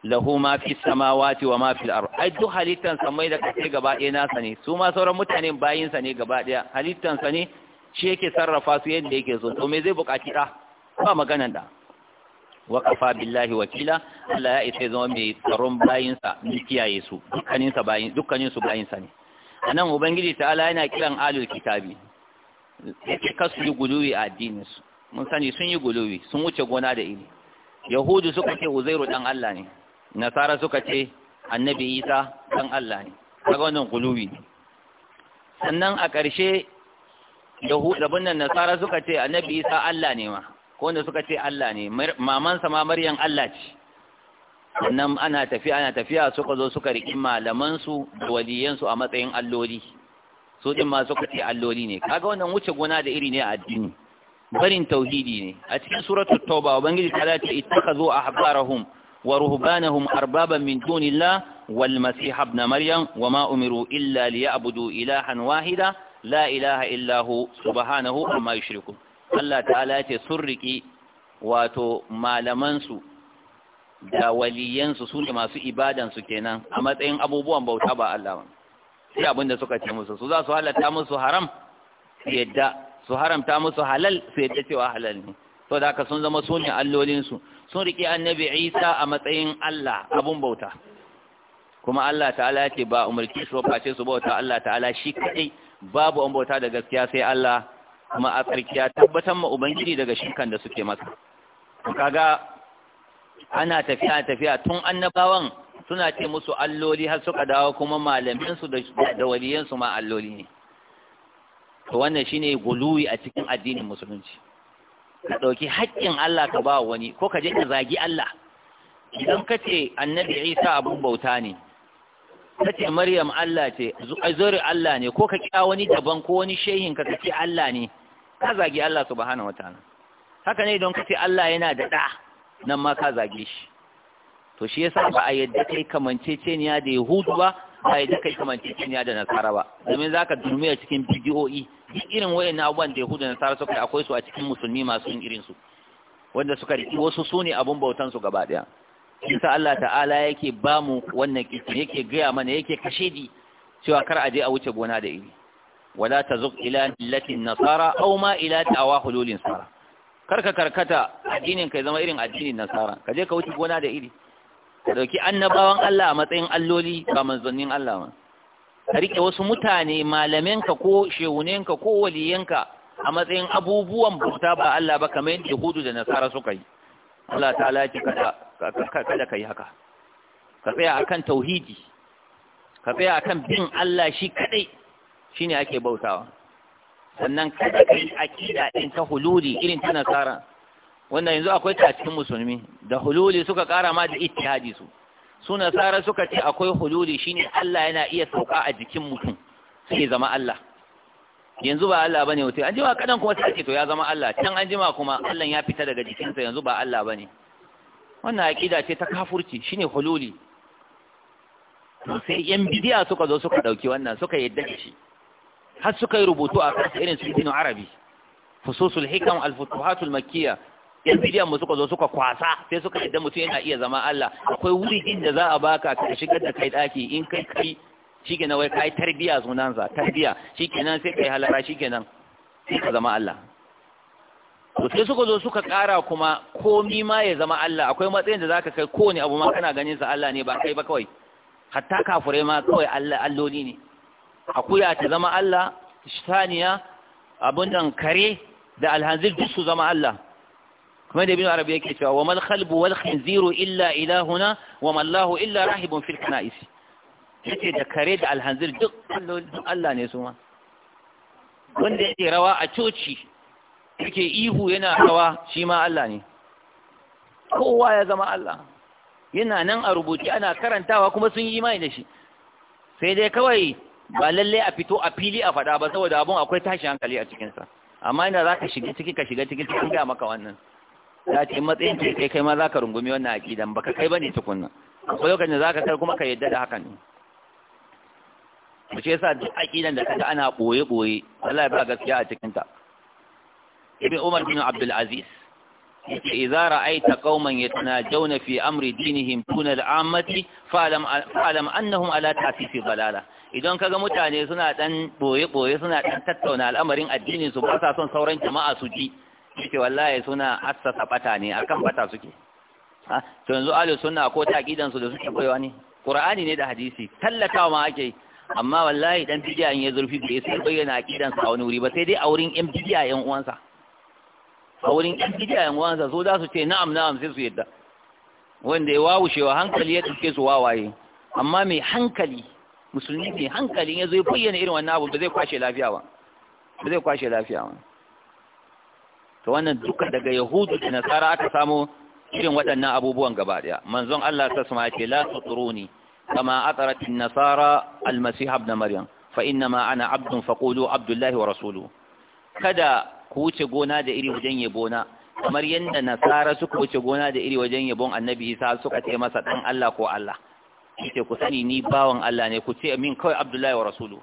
lahu ma fi samawati wa ma fil ard ai duk halittan samai da kace gaba ɗaya na ne su ma sauran mutanen bayin sa ne gaba ɗaya halittan sa ne shi yake sarrafa su yadda yake so to me zai buƙaci da ba maganan da wa kafa billahi wakila Allah ya isa zama mai tsaron bayin sa mai kiyaye su dukkanin sa bayin dukkanin su bayin sa ne anan ubangiji ta'ala yana kiran alul kitabi yake kasu guluwi a addinin su mun sani sun yi guluwi sun wuce gona da iri yahudu suka ce uzairu dan Allah ne nasara suka ce annabi isa dan Allah ne kaga wannan kulubi. sannan a ƙarshe yahudabun nan nasara suka ce annabi isa Allah ne ma ko wanda suka ce Allah ne mamansa ma maryam Allah ce sannan ana tafiya ana tafiya suka zo suka riƙi malamansu da waliyansu a matsayin alloli su ɗin ma suka ce alloli ne kaga wannan wuce gona da iri ne a addini barin tauhidi ne a cikin suratul tauba ubangiji ta ce ittakazu ahbarahum ورهبانهم أربابا من دون الله والمسيح ابن مريم وما أمروا إلا ليعبدوا إلها واحدا لا إله إلا هو سبحانه عما يشركون الله تعالى تسرك wato malamansu da waliyansu su ne masu ibadansu kenan a matsayin abubuwan bauta ba Allah ba sai abinda suka ce musu su za su halatta musu haram su yadda su haramta musu halal su yadda cewa to da haka sun zama su allolinsu sun riƙe annabi isa a matsayin Allah abun bauta kuma Allah ta'ala ce ba umarci su face su bauta Allah ta'ala shi kaɗai babu an bauta da gaskiya sai Allah kuma a tsarkiya tabbatar ma ubangiji daga shirkan da suke masa kaga ana tafiya tafiya tun annabawan suna ce musu alloli har suka dawo kuma malaminsu da waliyansu ma alloli ne to wannan shine guluwi a cikin addinin musulunci ka ɗauki haƙƙin Allah ka ba wani ko ka je ka zagi Allah idan ka ce annabi Isa abun bauta ne ka ce Maryam Allah ce zuri Allah ne ko ka kira wani daban ko wani shehin ka ce Allah ne ka zagi Allah subhanahu wataala haka ne idan ka ce Allah yana da ɗa nan ma ka zage shi to shi yasa ba a yadda kai kamanceceniya da Yahudu ba ba ya kai kamanceceniya da nasara ba domin za ka durmiya cikin bidiyoyi duk irin wayannan abubuwan da yahudu da nasara suka akwai su a cikin musulmi masu yin su? wanda suka riki wasu su ne abin bautan su gaba daya isa Allah ta'ala yake ba mu wannan kitin yake gaya mana yake di cewa kar a je a wuce gona da iri wala tazuq ila millatin nasara aw ma ila ta'wa hululin sara ka karkata addinin ka zama irin addinin nasara ka je ka wuce gona da iri ka dauki annabawan Allah a matsayin alloli ba manzannin Allah ba ka rike wasu mutane malamenka ko shehunenka ko waliyanka a matsayin abubuwan bauta ba Allah ba kamar yadda Yahudu da Nasara suka yi Allah ta ya kada kada kai haka ka tsaya akan tauhidi ka tsaya akan bin Allah shi kadai shine ake bautawa sannan kada kai akida din ta hululi irin ta Nasara wannan yanzu akwai ta cikin musulmi da hululi suka kara ma da ittihadi su su nasara suka ce akwai hululi shine Allah yana iya sauka a jikin mutum sai zama Allah yanzu ba Allah bane wuce an jima kadan kuma sai to ya zama Allah can an jima kuma Allah ya fita daga jikinsa yanzu ba Allah bane wannan aqida ce ta kafurci shine hululi sai yan bidiya suka zo suka dauki wannan suka yadda shi har suka yi rubutu a kan irin su ibn arabi fususul hikam al-futuhat al-makkiyah yan bidiyan mu suka zo suka kwasa sai suka yadda mutum yana iya zama Allah akwai wuri da za a baka ka shigar da kai daki in kai kai shikenan wai kai tarbiya sunansa tarbiya shikenan sai kai halara shikenan sai ka zama Allah to sai suka zo suka kara kuma komi ma ya zama Allah akwai matsayin da zaka kai kowane abu ma kana ganin sa Allah ne ba kai ba kawai hatta kafure ma kawai Allah alloli ne akuya ta zama Allah saniya abun nan kare da alhanzil duk su zama Allah kuma da ibn arabi yake cewa wa mal khalbu wal khinziru illa ilahuna wa mallahu illa rahibun fil kana'is yace da kare da hanzir duk Allah ne su ma wanda yake rawa a coci yake ihu yana rawa shi ma Allah ne kowa ya zama Allah yana nan a rubuci ana karantawa kuma sun yi imani da shi sai dai kawai ba lallai a fito a fili a faɗa ba saboda abun akwai tashi hankali a cikinsa amma ina zaka shiga ciki ka shiga ciki sun gaya maka wannan za ce matsayin da kai kai ma za ka rungumi wannan aƙidan ka kai ba bane tukunna akwai lokacin da za ka kai kuma ka yadda da hakan mu ce sa duk aƙidan da kaga ana ɓoye ɓoye Allah ya ba gaskiya a cikinta? ta ibn Umar bin Abdul Aziz yace idza ra'aita qauman yatanajawna fi amri dinihim tuna al'ammati fa'lam fa'lam annahum ala ta'sisi balala idan kaga mutane suna dan ɓoye ɓoye suna dan tattauna al'amarin addinin su ba sa son sauran jama'a su ji yace wallahi suna assasa bata ne akan bata suke to yanzu ahli sunna ko taqidan su da suke koyewa ne qur'ani ne da hadisi tallatawa ma ake amma wallahi dan bid'a ya zurfi ya sai bayyana aqidan sa a wani wuri ba sai dai a wurin yan bid'a yan uwansa a wurin yan bid'a yan uwansa so za su ce na'am na'am sai su yadda wanda ya wawushewa hankali ya dauke su wawaye amma mai hankali musulmi mai hankali ya zo ya bayyana irin wannan abu ba zai kwashe lafiya ba ba zai kwashe lafiya ba to wannan duka daga yahudu da nasara aka samu irin waɗannan abubuwan gaba ɗaya manzon Allah ta sama ce la tsuruni kama atarat nasara almasih ibn maryam fa ma ana abdun faqulu abdullahi wa rasuluhu kada ku wuce gona da iri wajen yabo na. kamar yadda nasara suka wuce gona da iri wajen yabon annabi isa suka ce masa dan Allah ko Allah kike ku sani ni bawan Allah ne ku ce min kawai abdullahi wa rasulu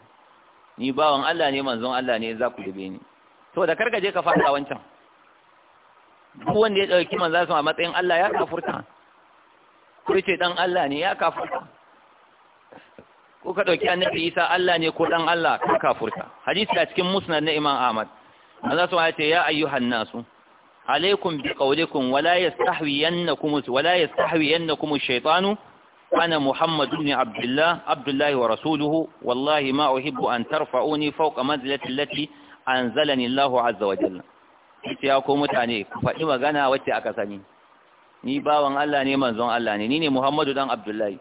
ni bawan Allah ne manzon Allah ne za ku dube ni to da ka je ka fada wancan duk wanda ya dauki su a matsayin Allah ya kafurta ko ce dan Allah ne ya kafurta Kuka ka dauki annabi Isa Allah ne ko dan Allah ka kafurta hadisi a cikin musnad na Imam Ahmad manzo ya ce ya ayyuhan nasu alaikum biqaulikum wala yastahwiyannakum wala yastahwiyannakum ash-shaytanu أنا محمد بن عبد الله عبد الله ورسوله والله ما أحب أن ترفعوني فوق منزلة التي أنزلني الله عز وجل ita ya ko mutane ku faɗi magana wacce aka sani ni bawan Allah ne manzon Allah ne ni ne Muhammadu dan Abdullahi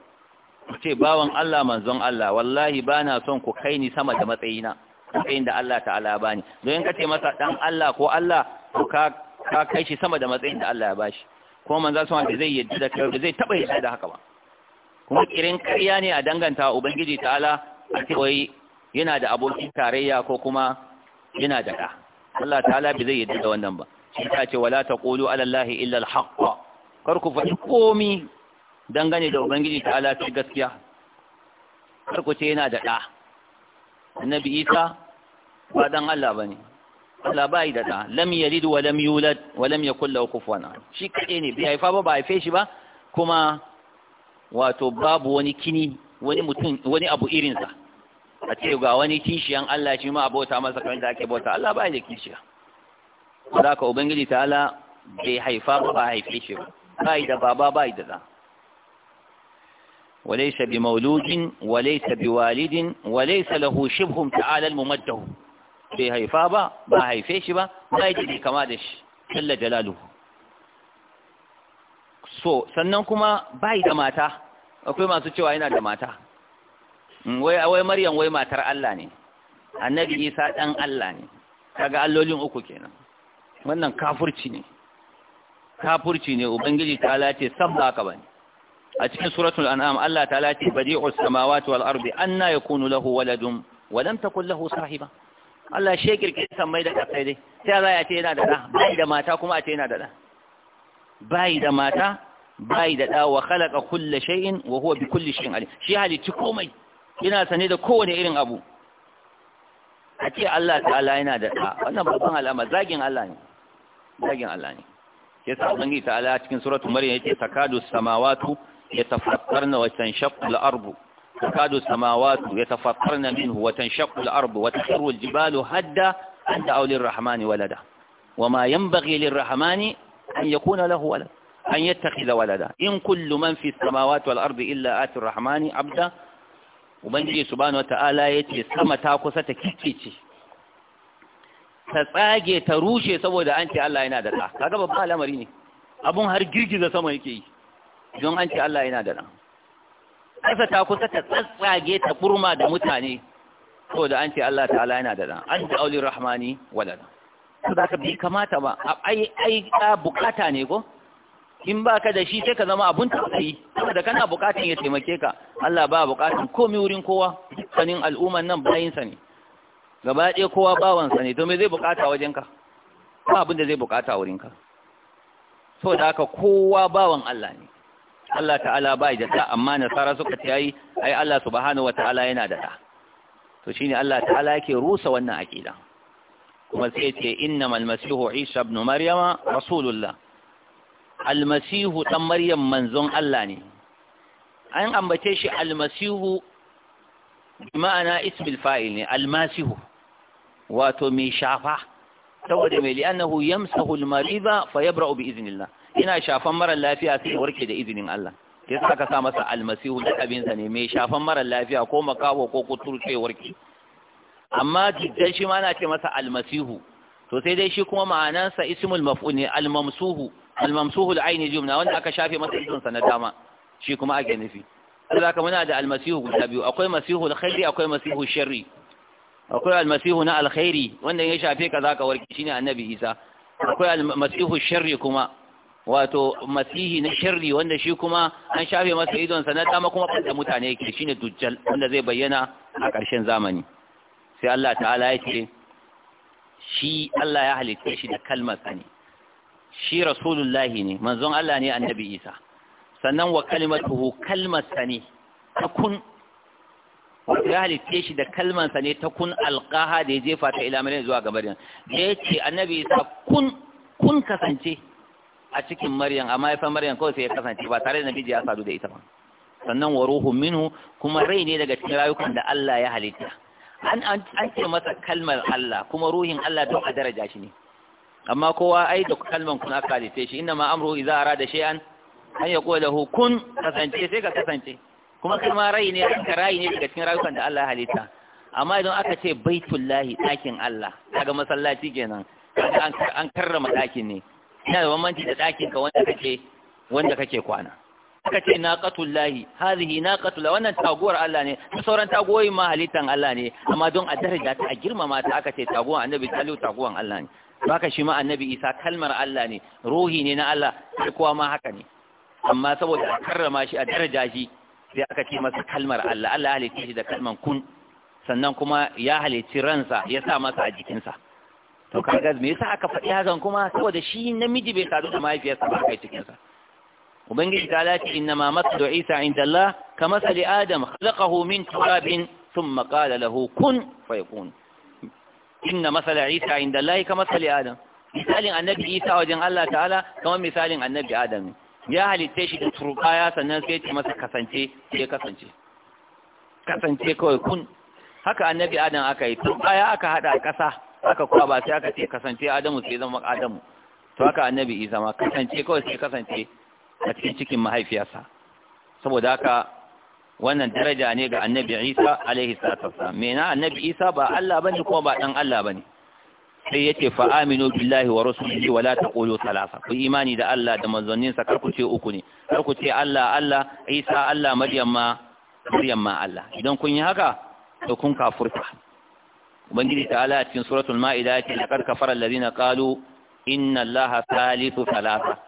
ce bawan Allah manzon Allah wallahi bana son ku kai ni sama da matsayina kai da Allah ta'ala ya bani don ka ce masa dan Allah ko Allah ko ka ka kai shi sama da matsayin da Allah ya bashi kuma manzo sun wanda zai yadda da kai zai taba yadda da haka ba kuma kirin ƙarya ne a danganta ubangiji ta'ala a ce wai yana da abokin tarayya ko kuma yana da ka Allah ta'ala bai zai yadda da wannan ba shi ta ce wala taqulu ala allahi illa alhaqqa kar ku faɗi komi dangane da ubangiji ta'ala sai gaskiya kar ku ce yana da ɗa annabi isa ba dan Allah bane Allah bai da ɗa lam yalid wa lam yulad wa lam yakul lahu kufuwan shi kaɗai ne bai haifa ba ba haife shi ba kuma wato babu wani kini wani mutum wani abu irinsa a ce ga wani kishiyan Allah shi ma a bauta masa kamar da ake bauta Allah ba da kishiya za ka ubangiji ta ala bai haifa ba ba haife shi ba ba yi da baba ba yi da da وليس بمولود وليس بوالد وليس له شبه تعالى الممده bai haifa ba ba haife shi ba ba yi da kama da shi jalla jalaluhu so sannan kuma bai da mata akwai masu cewa yana da mata Mm, wai wai maryam wai matar Allah ne annabi isa dan Allah ne kaga allolin uku kenan wannan kafurci ne kafurci ne ubangiji ta lace san ba ka bani. a cikin suratul an'am Allah ta lace badi'us samawati wal ardi anna yakunu lahu waladun wa lam takul lahu sahiba Allah she kirkire san mai da kasai dai sai Allah ya ce yana da da bai da mata kuma a ce yana da da bai da mata bai da da wa khalaqa kulli shay'in wa huwa bi kulli shay'in alim shi halitti komai yana sane da kowane irin abu a ce Allah ta'ala yana da ɗa wannan babban al'amma zagin Allah ne zagin Allah ne ya sa ubangi ta'ala cikin suratul maryam yake takadu samawatu yatafattarna wa tanshaqqu al-ardu takadu samawatu yatafattarna minhu wa tanshaqqu al-ardu wa tasirru al-jibalu hadda an da'u lir-rahmani walada وما ينبغي للرحمن أن يكون An ولد أن يتخذ ولدا إن كل من في السماوات والأرض illa آتي الرحمن Abda. ubangiji subhanahu wata'ala yace sama ta kusa ta kicce ta tsage ta rushe saboda an ce Allah yana da ɗa kaga babban al'amari ne abun har girgiza sama yake yi don an ce Allah yana da ɗa ƙasa ta kusa ta tsage ta burma da mutane saboda an ce Allah ta'ala yana da ɗa an ji aulin rahmani walada Saboda ka bi kamata ba ai ai bukata ne ko in ba ka da shi sai ka zama abun tausayi saboda kana bukatun ya taimake ka Allah ba bukatun komai wurin kowa sanin al'umman nan bayin sa ne gaba ɗaya kowa bawan sa ne to me zai bukata wajen ka ba abin da zai bukata wurin ka saboda haka kowa bawan Allah ne Allah ta'ala bai da ta amma nasara suka ta yi, ai Allah subhanahu wataala yana da ta to shine Allah ta'ala yake rusa wannan akida kuma sai ya ce innamal masihu isa ibn maryama rasulullah almasihu ɗan maryam manzon Allah ne an ambace shi almasihu ma'ana ismil fa'il ne almasihu wato mai shafa saboda mai li'annahu yamsahu almariba fa yabra'u bi iznillah ina shafan mara lafiya sai warke da izinin Allah sai suka sa masa almasihu da abinsa ne mai shafan mara lafiya ko makawo ko kuturu sai warke amma jiddan shi ma ana ce masa almasihu to sai dai shi kuma ma'anansa ismul maf'ul ne almamsuhu almamsuhu aini jumna wanda aka shafe masa idon sa na dama shi kuma ake nufi saboda haka muna da almasihu guda biyu akwai masihu alkhairi akwai masihu sharri akwai almasihu na alkhairi wanda ya shafe ka zaka warke shine annabi Isa akwai kuma wato masihi na sharri wanda shi kuma an shafe masa idon sa na dama kuma banda mutane yake shine dujjal wanda zai bayyana a ƙarshen zamani sai Allah ta'ala ya ce shi Allah ya halitta shi da kalmar ne shi rasulullahi ne manzon Allah ne annabi Isa sannan wa kalimatuhu kalmarsa ne ta kun ya halitte shi da kalmansa ne ta kun alqaha da ya jefa ta ilamirin zuwa ga Maryam da ya ce annabi Isa kun kun kasance a cikin Maryam amma ya fa Maryam kawai sai ya kasance ba tare da namiji ya sadu da ita ba sannan wa ruhun minhu kuma rai ne daga cikin rayukan da Allah ya halitta an an ce masa kalmar Allah kuma ruhin Allah don a daraja shi ne amma kowa ai da kalman kun aka halitta shi inna ma amruhu idza arada shay'an an yaqula lahu kun kasance sai ka kasance kuma kai ma rai ne ka rai ne daga cikin rayukan da Allah ya halitta amma idan aka ce baitullahi ɗakin Allah daga masallaci kenan an karrama ɗakin ne ina da bambanci da ɗakin ka wanda kake wanda kake kwana aka ce naqatullahi hadhihi naqatullah wannan taguwar Allah ne sauran tagoyin ma halittan Allah ne amma don a daraja ta a girmama ta aka ce taguwan annabi sallallahu taguwan Allah ne baka shi ma annabi isa kalmar Allah ne ruhi ne na Allah sai kowa ma haka ne amma saboda a karrama shi a daraja shi sai aka ce masa kalmar Allah Allah ya halitta shi da kalman kun sannan kuma ya halicci ransa ya sa masa a jikinsa to kaga me yasa aka faɗi hakan kuma saboda shi namiji bai sadu da mahaifiyarsa ba kai cikinsa ubangiji ta lati inna ma masdu isa inda Allah ka adam khalaqahu min turabin thumma qala lahu kun fayakun inna masala isa inda Allah ka masali adam misalin annabi isa wajen Allah ta'ala kamar misalin annabi adam ya halitta shi da turbaya sannan sai ce masa kasance ke kasance kasance kawai kun haka annabi adam aka yi turbaya aka hada kasa aka kuwa ba sai aka ce kasance adamu sai zama adamu to haka annabi isa ma kasance kawai sai kasance a cikin cikin mahaifiyarsa saboda haka wannan daraja ne ga annabi isa alaihi salatu wassalam mena annabi isa ba Allah bane kuma ba dan Allah bane sai yace fa aminu billahi wa rasulihi wa la taqulu thalatha ku imani da Allah da manzannin sa kar ku ce uku ne kar ku ce Allah Allah isa Allah maryam ma maryam ma Allah idan kun yi haka to kun kafurta ubangiji ta'ala cikin suratul ma'ida yace laqad kafara alladhina qalu inna allaha thalithu thalatha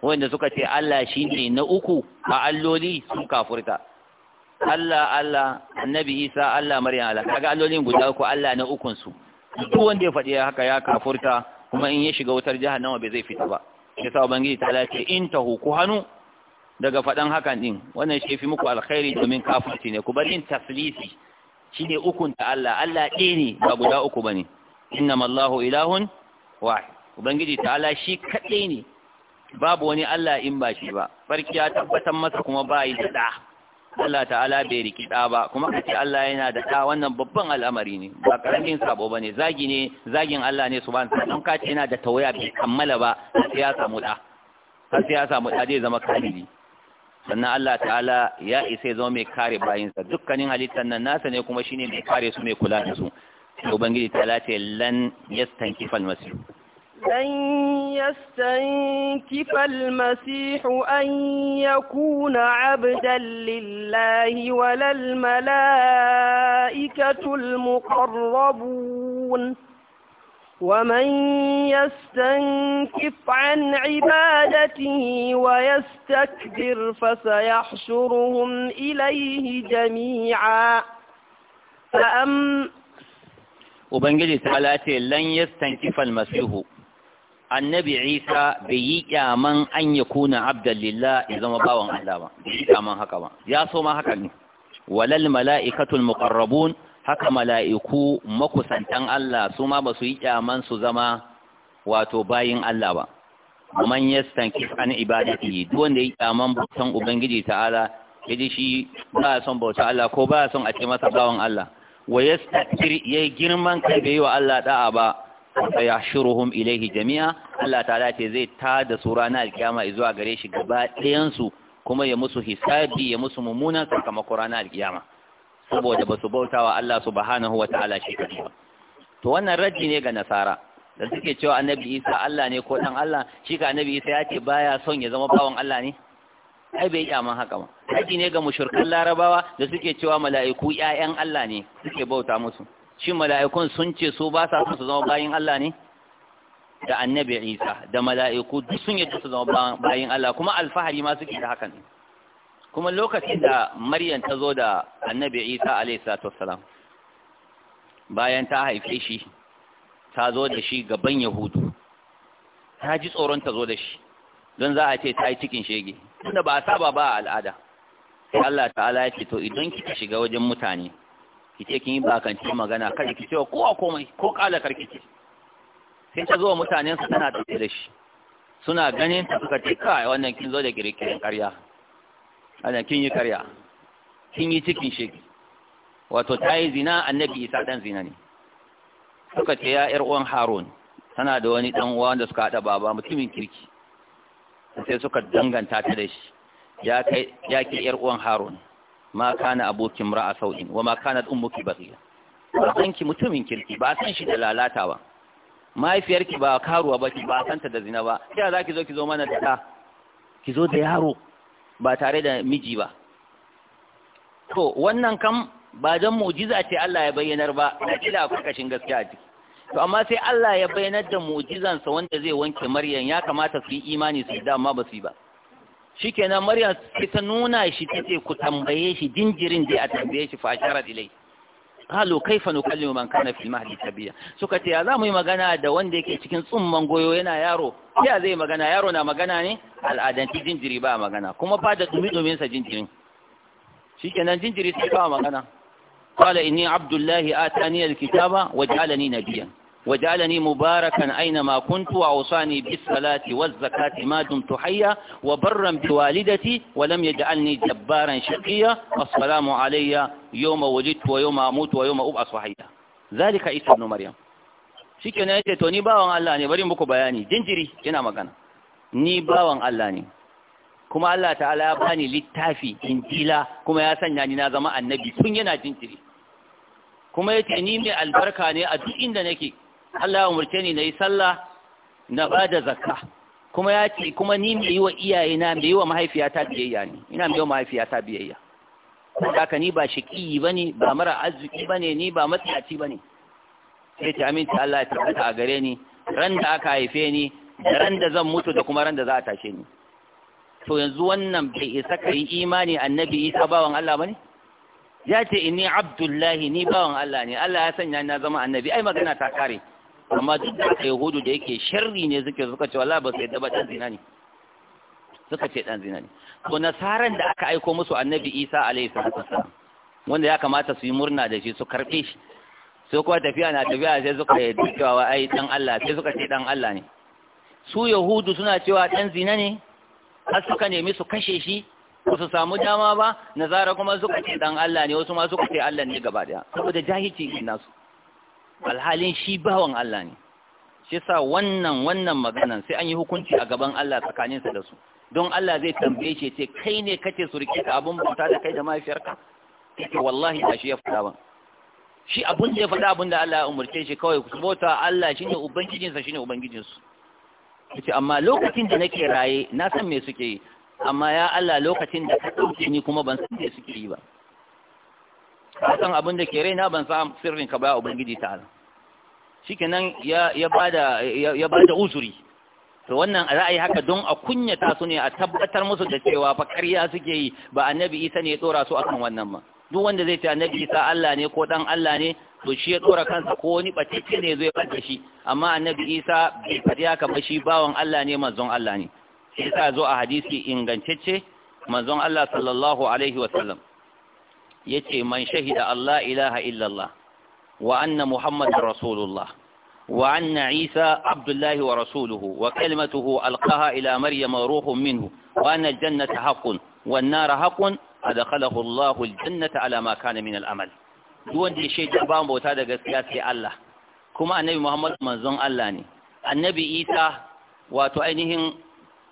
wanda suka ce Allah shine na uku a alloli sun kafurta Allah Allah annabi Isa Allah Maryam Allah kaga allolin guda uku Allah na ukun su duk wanda ya faɗi haka ya kafurta kuma in ya shiga wutar jahannama bai zai fita ba yasa ubangiji ta lace in tahu ku hanu daga faɗan hakan din wannan shi fi muku alkhairi domin kafurci ne ku barin taslisi shine ukun ta Allah Allah ɗaya ne ba guda uku bane innama Allahu ilahun wahid ubangiji ta ala shi kaɗai ne babu wani Allah in ba shi ba farki ya tabbatar masa kuma ba yi da Allah ta'ala bai rikida ba kuma kace Allah yana da ta wannan babban al'amari ne ba karamin sabo bane zagi ne zagin Allah ne subhanahu wa ta'ala kace yana da tawaya bai kammala ba sai ya samu da sai ya samu da zai zama kamili sannan Allah ta'ala ya isa zama mai kare bayinsa dukkanin halittar nan nasa ne kuma shine mai kare su mai kula da su ubangiji ta ce lan yastankifal almasihu لن يستنكف المسيح أن يكون عبدا لله ولا الملائكة المقربون ومن يستنكف عن عبادته ويستكبر فسيحشرهم إليه جميعا فأم وبنجلس على أتي لن يستنكف المسيح annabi isa bai yi kyaman an ya kuna abdallillah ya zama bawan Allah ba kyaman haka ba ya so ma haka ne walal mala'ikatul muqarrabun haka mala'iku makusantan Allah su ma basu yi kyaman su zama wato bayin Allah ba man yastanki an ibadati duk wanda ya kyaman bautan ubangiji ta'ala yaji shi ba son bauta Allah ko ba son a ce masa bawan Allah wa yastakbir yayi girman kai bai wa Allah da'a ba ya shiruhum ilaihi jami'a Allah ta'ala ce zai tada su ranar alkiyama zuwa gare shi gaba ɗayan su kuma ya musu hisabi ya musu mummunan sakamakon ranar alkiyama saboda ba su bautawa Allah subhanahu wa ta'ala shi kadai to wannan raji ne ga nasara da suke cewa annabi Isa Allah ne ko dan Allah shi ka annabi Isa ya ce baya son ya zama bawan Allah ne ai bai kyaman haka ba haji ne ga mushrikan larabawa da suke cewa mala'iku ƴaƴan Allah ne suke bauta musu shi mala'ikun sun ce su ba sa son su zama bayin Allah ne da annabi Isa da mala'iku duk sun yi su zama bayin Allah kuma alfahari ma suke da hakan kuma lokacin da Maryam ta zo da annabi Isa alayhi salatu wassalam bayan ta haife shi ta zo da shi gaban Yahudu ta ji tsoron ta zo da shi don za a ce ta yi cikin shege tunda ba a saba ba a al'ada sai Allah ta'ala ya ce to idan kika shiga wajen mutane ki ce kin yi bakanci magana kar ki ce kowa komai ko kala karkice sai ta zo wa mutanen su tana tafi da shi suna ganin ta suka ce kai wannan kin zo da kirkirin karya ana kin yi karya kin yi cikin shi wato ta yi zina annabi isa dan zina ne suka ce ya yar uwan harun tana da wani dan uwa wanda suka hada baba mutumin kirki sai suka danganta ta da shi ya kai ya ki yar uwan harun ma kana abokin ra'a sau'in wa ma kanat ummuki baghiya ba san ki mutumin kirki ba san shi da lalata ba mahaifiyarki ba karuwa ba ki ba san ta da zina ba sai za ki zo ki zo mana da ki zo da yaro ba tare da miji ba to wannan kam ba dan mu'jiza ce Allah ya bayyanar ba na kila kashin gaskiya a ciki to amma sai Allah ya bayyanar da mu'jizansa wanda zai wanke Maryam ya kamata su yi imani su da amma ba su yi ba shikenan maryam sai ta nuna shi ta ce ku tambaye shi jinjirin da ya tambaye shi fa asharat ilai qalu kaifa nukallimu man kana fil mahdi sabiya suka ce ya za mu yi magana da wanda yake cikin tsumman goyo yana yaro ya zai magana yaro na magana ne al'adanci jinjiri ba magana kuma fa da dumi dumin sa jinjirin shikenan jinjiri sai ba magana qala inni abdullahi atani alkitaba waj'alani nabiyyan وجعلني مباركا أينما كنت وأوصاني بالصلاة والزكاة ما دمت حيا وبرا بوالدتي ولم يجعلني جبارا شقيا السلام علي يوم ولدت ويوم أموت ويوم أبعث حيا ذلك عيسى ابن مريم shike na yace to ni bawan Allah ne bari muku bayani jinjiri yana magana ni bawan Allah ne kuma Allah ta'ala ya bani littafi injila kuma ya sanya ni na zama annabi tun yana jinjiri kuma yace ni mai albarka ne a duk inda nake Allah ya umarce ni na yi sallah na ba da zakka kuma ya ce kuma ni mai yi wa iyaye na mai yi wa mahaifiyata biyayya ne ina mai yi wa mahaifiyata biyayya haka ni ba yi ba ne ba mara arziki ba ne ni ba matsaci ba ne sai ta aminta Allah ya tabbata a gare ni ran da aka haife ni da ran da zan mutu da kuma ran da za a tashe ni to yanzu wannan bai isa ka yi imani annabi isa bawan Allah ba ne ya ce inni abdullahi ni bawan Allah ne Allah ya sanya na zama annabi ai magana ta kare amma duk da aka yahudu da yake sharri ne suke suka ce wala ba su yadda ba ɗan zina ne suka ce ɗan zina ne to nasaran da aka aiko musu annabi isa alaihi salam wanda ya kamata su yi murna da shi su karɓe shi sai kuma tafiya na tafiya sai suka yi cewa ai dan Allah sai suka ce dan Allah ne su yahudu suna cewa dan zina ne har suka nemi su kashe shi ba su samu dama ba nazara kuma suka ce dan Allah ne wasu ma suka ce Allah ne gaba daya saboda jahilci nasu alhalin shi bawan Allah ne shi sa wannan wannan maganan sai an yi hukunci a gaban Allah tsakaninsa da su don Allah zai tambaye shi ce kai ne kace su rike ka abun bauta da kai da mahaifiyarka kace wallahi ba shi ya faɗa ba shi abun da ya faɗa abun da Allah ya umurce shi kawai ku bauta Allah shine ubangijinsa shine ubangijinsu kace amma lokacin da nake raye na san me suke yi amma ya Allah lokacin da ka dauke ni kuma ban san me suke yi ba ka san abin da ke raina ban sa sirrin ka ba ubangiji ta'ala shikenan ya ya bada ya bada uzuri to wannan ra'ayi haka don a kunyata su ne a tabbatar musu da cewa fa ƙarya suke yi ba annabi Isa ne ya tsora su akan wannan ba duk wanda zai ce annabi Isa Allah ne ko dan Allah ne to shi ya tsora kansa ko wani batacce ne zai bada shi amma annabi Isa bai fadi haka ba shi bawan Allah ne manzon Allah ne sai sa zo a hadisi ingantacce manzon Allah sallallahu alaihi wa yace man shahida Allah ilaha illallah wa anna muhammadar rasulullah wa anna isa abdullahi wa rasuluhu wa kalmatuhu alqaha ila Maryam ruhun minhu wa anna jannata haqqun wan nara haqqun adkhalahu Allah aljannata ala ma kana min al'amal duk wanda ya shaida ba bauta da gaskiya sai Allah kuma annabi Muhammad manzon Allah ne annabi Isa wato ainihin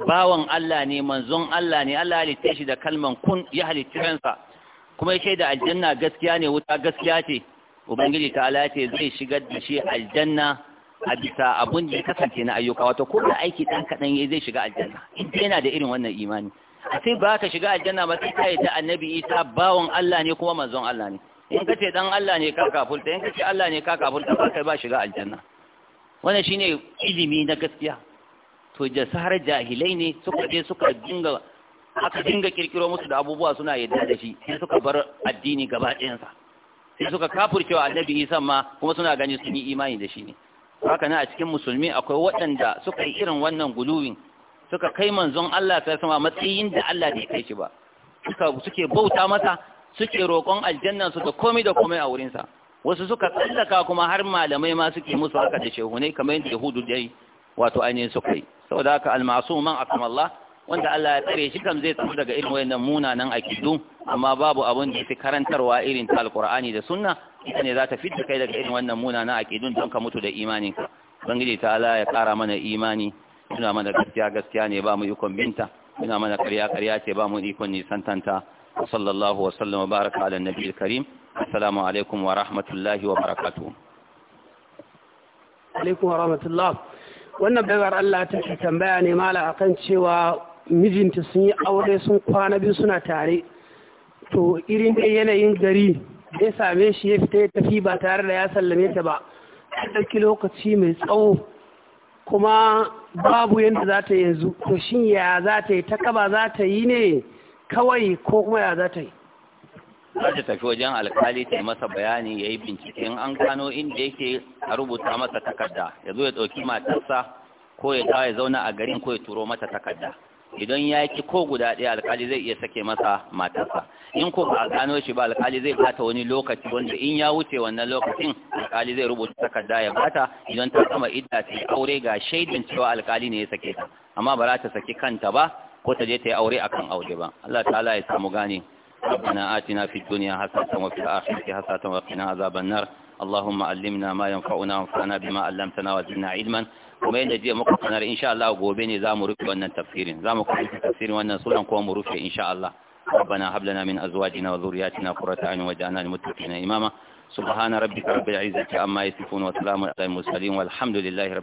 bawan Allah ne manzon Allah ne Allah ya halitta shi da kalman kun ya halitta kuma ya da aljanna gaskiya ne wuta gaskiya ce ubangiji ta ala ce zai shigar da shi aljanna a bisa abun da ya kasance na ayyuka wato ko da aiki dan kadan yayi zai shiga aljanna idan yana da irin wannan imani a sai ba ka shiga aljanna ba sai kai da annabi Isa bawon Allah ne kuma manzon Allah ne in kace dan Allah ne ka kafulta in kace Allah ne ka kafulta ba kai ba shiga aljanna wannan shine ilimi na gaskiya to jasar jahilai ne suka je suka dinga aka dinga kirkiro musu da abubuwa suna yadda da shi sai suka bar addini gaba ɗayansa sai suka kafurcewa annabi isa ma kuma suna gani sun yi imani da shi ne haka na a cikin musulmi akwai waɗanda suka yi irin wannan guluwin suka kai manzon Allah ta sama matsayin da Allah bai kai shi ba suka suke bauta masa suke roƙon aljanna su da komai da komai a wurinsa wasu suka tsallaka kuma har malamai ma suke musu haka da shehunai kamar yadda yahudu dai wato ainihin suka yi saboda haka al masumun akamallah wanda Allah ya tsare shi kam zai tafi daga irin wayannan munanan akidu amma babu abun da yake karantarwa irin ta alqur'ani da sunna ita ne za ta fitta kai daga irin wannan munanan akidun don ka mutu da imanin ka ubangiji ta Allah ya kara mana imani suna mana gaskiya gaskiya ne ba mu ikon binta suna mana karya karya ce ba mu ikon nisantanta sallallahu wa sallama baraka ala nabiyil karim assalamu alaikum wa rahmatullahi wa barakatuh alaikum wa rahmatullah wannan bayar Allah ta tambaya ne mala akan cewa mijinta sun yi aure sun kwana biyu suna tare to irin da yanayin gari ya same shi ya fita ya tafi ba tare da ya sallame ta ba ta ɗauki lokaci mai tsawo kuma babu yadda za ta yanzu to shin ya za ta yi ta kaba za ta yi ne kawai ko kuma ya za ta yi za ta tafi wajen alkali ta masa bayani ya yi binciken an gano inda yake a rubuta masa takarda ya zo ya ɗauki matarsa ko ya ya zauna a garin ko ya turo mata takarda idan ya ki ko guda ɗaya alkali zai iya sake masa matarsa in ko ba a gano shi ba alkali zai bata wani lokaci wanda in ya wuce wannan lokacin alkali zai rubuta takarda ya bata idan ta kama idda ta yi aure ga shaidan cewa alkali ne ya sake ta amma ba za ta saki kanta ba ko ta je ta yi aure a kan aure ba Allah ta'ala ya samu gane ربنا آتنا في الدنيا حسنة وفي الآخرة حسنة وقنا عذاب النار اللهم علمنا ما ينفعنا وانفعنا بما علمتنا وزدنا علما kuma yadda jiya muka sanar insha Allah gobe ne za mu rufe wannan tafsirin za mu kuma tafsirin wannan suran kuma mu rufe insha Allah ربنا هب لنا من أزواجنا وذرياتنا قرة أعين واجعلنا للمتقين إماما سبحان ربك رب العزة عما يصفون وسلام على المرسلين والحمد لله رب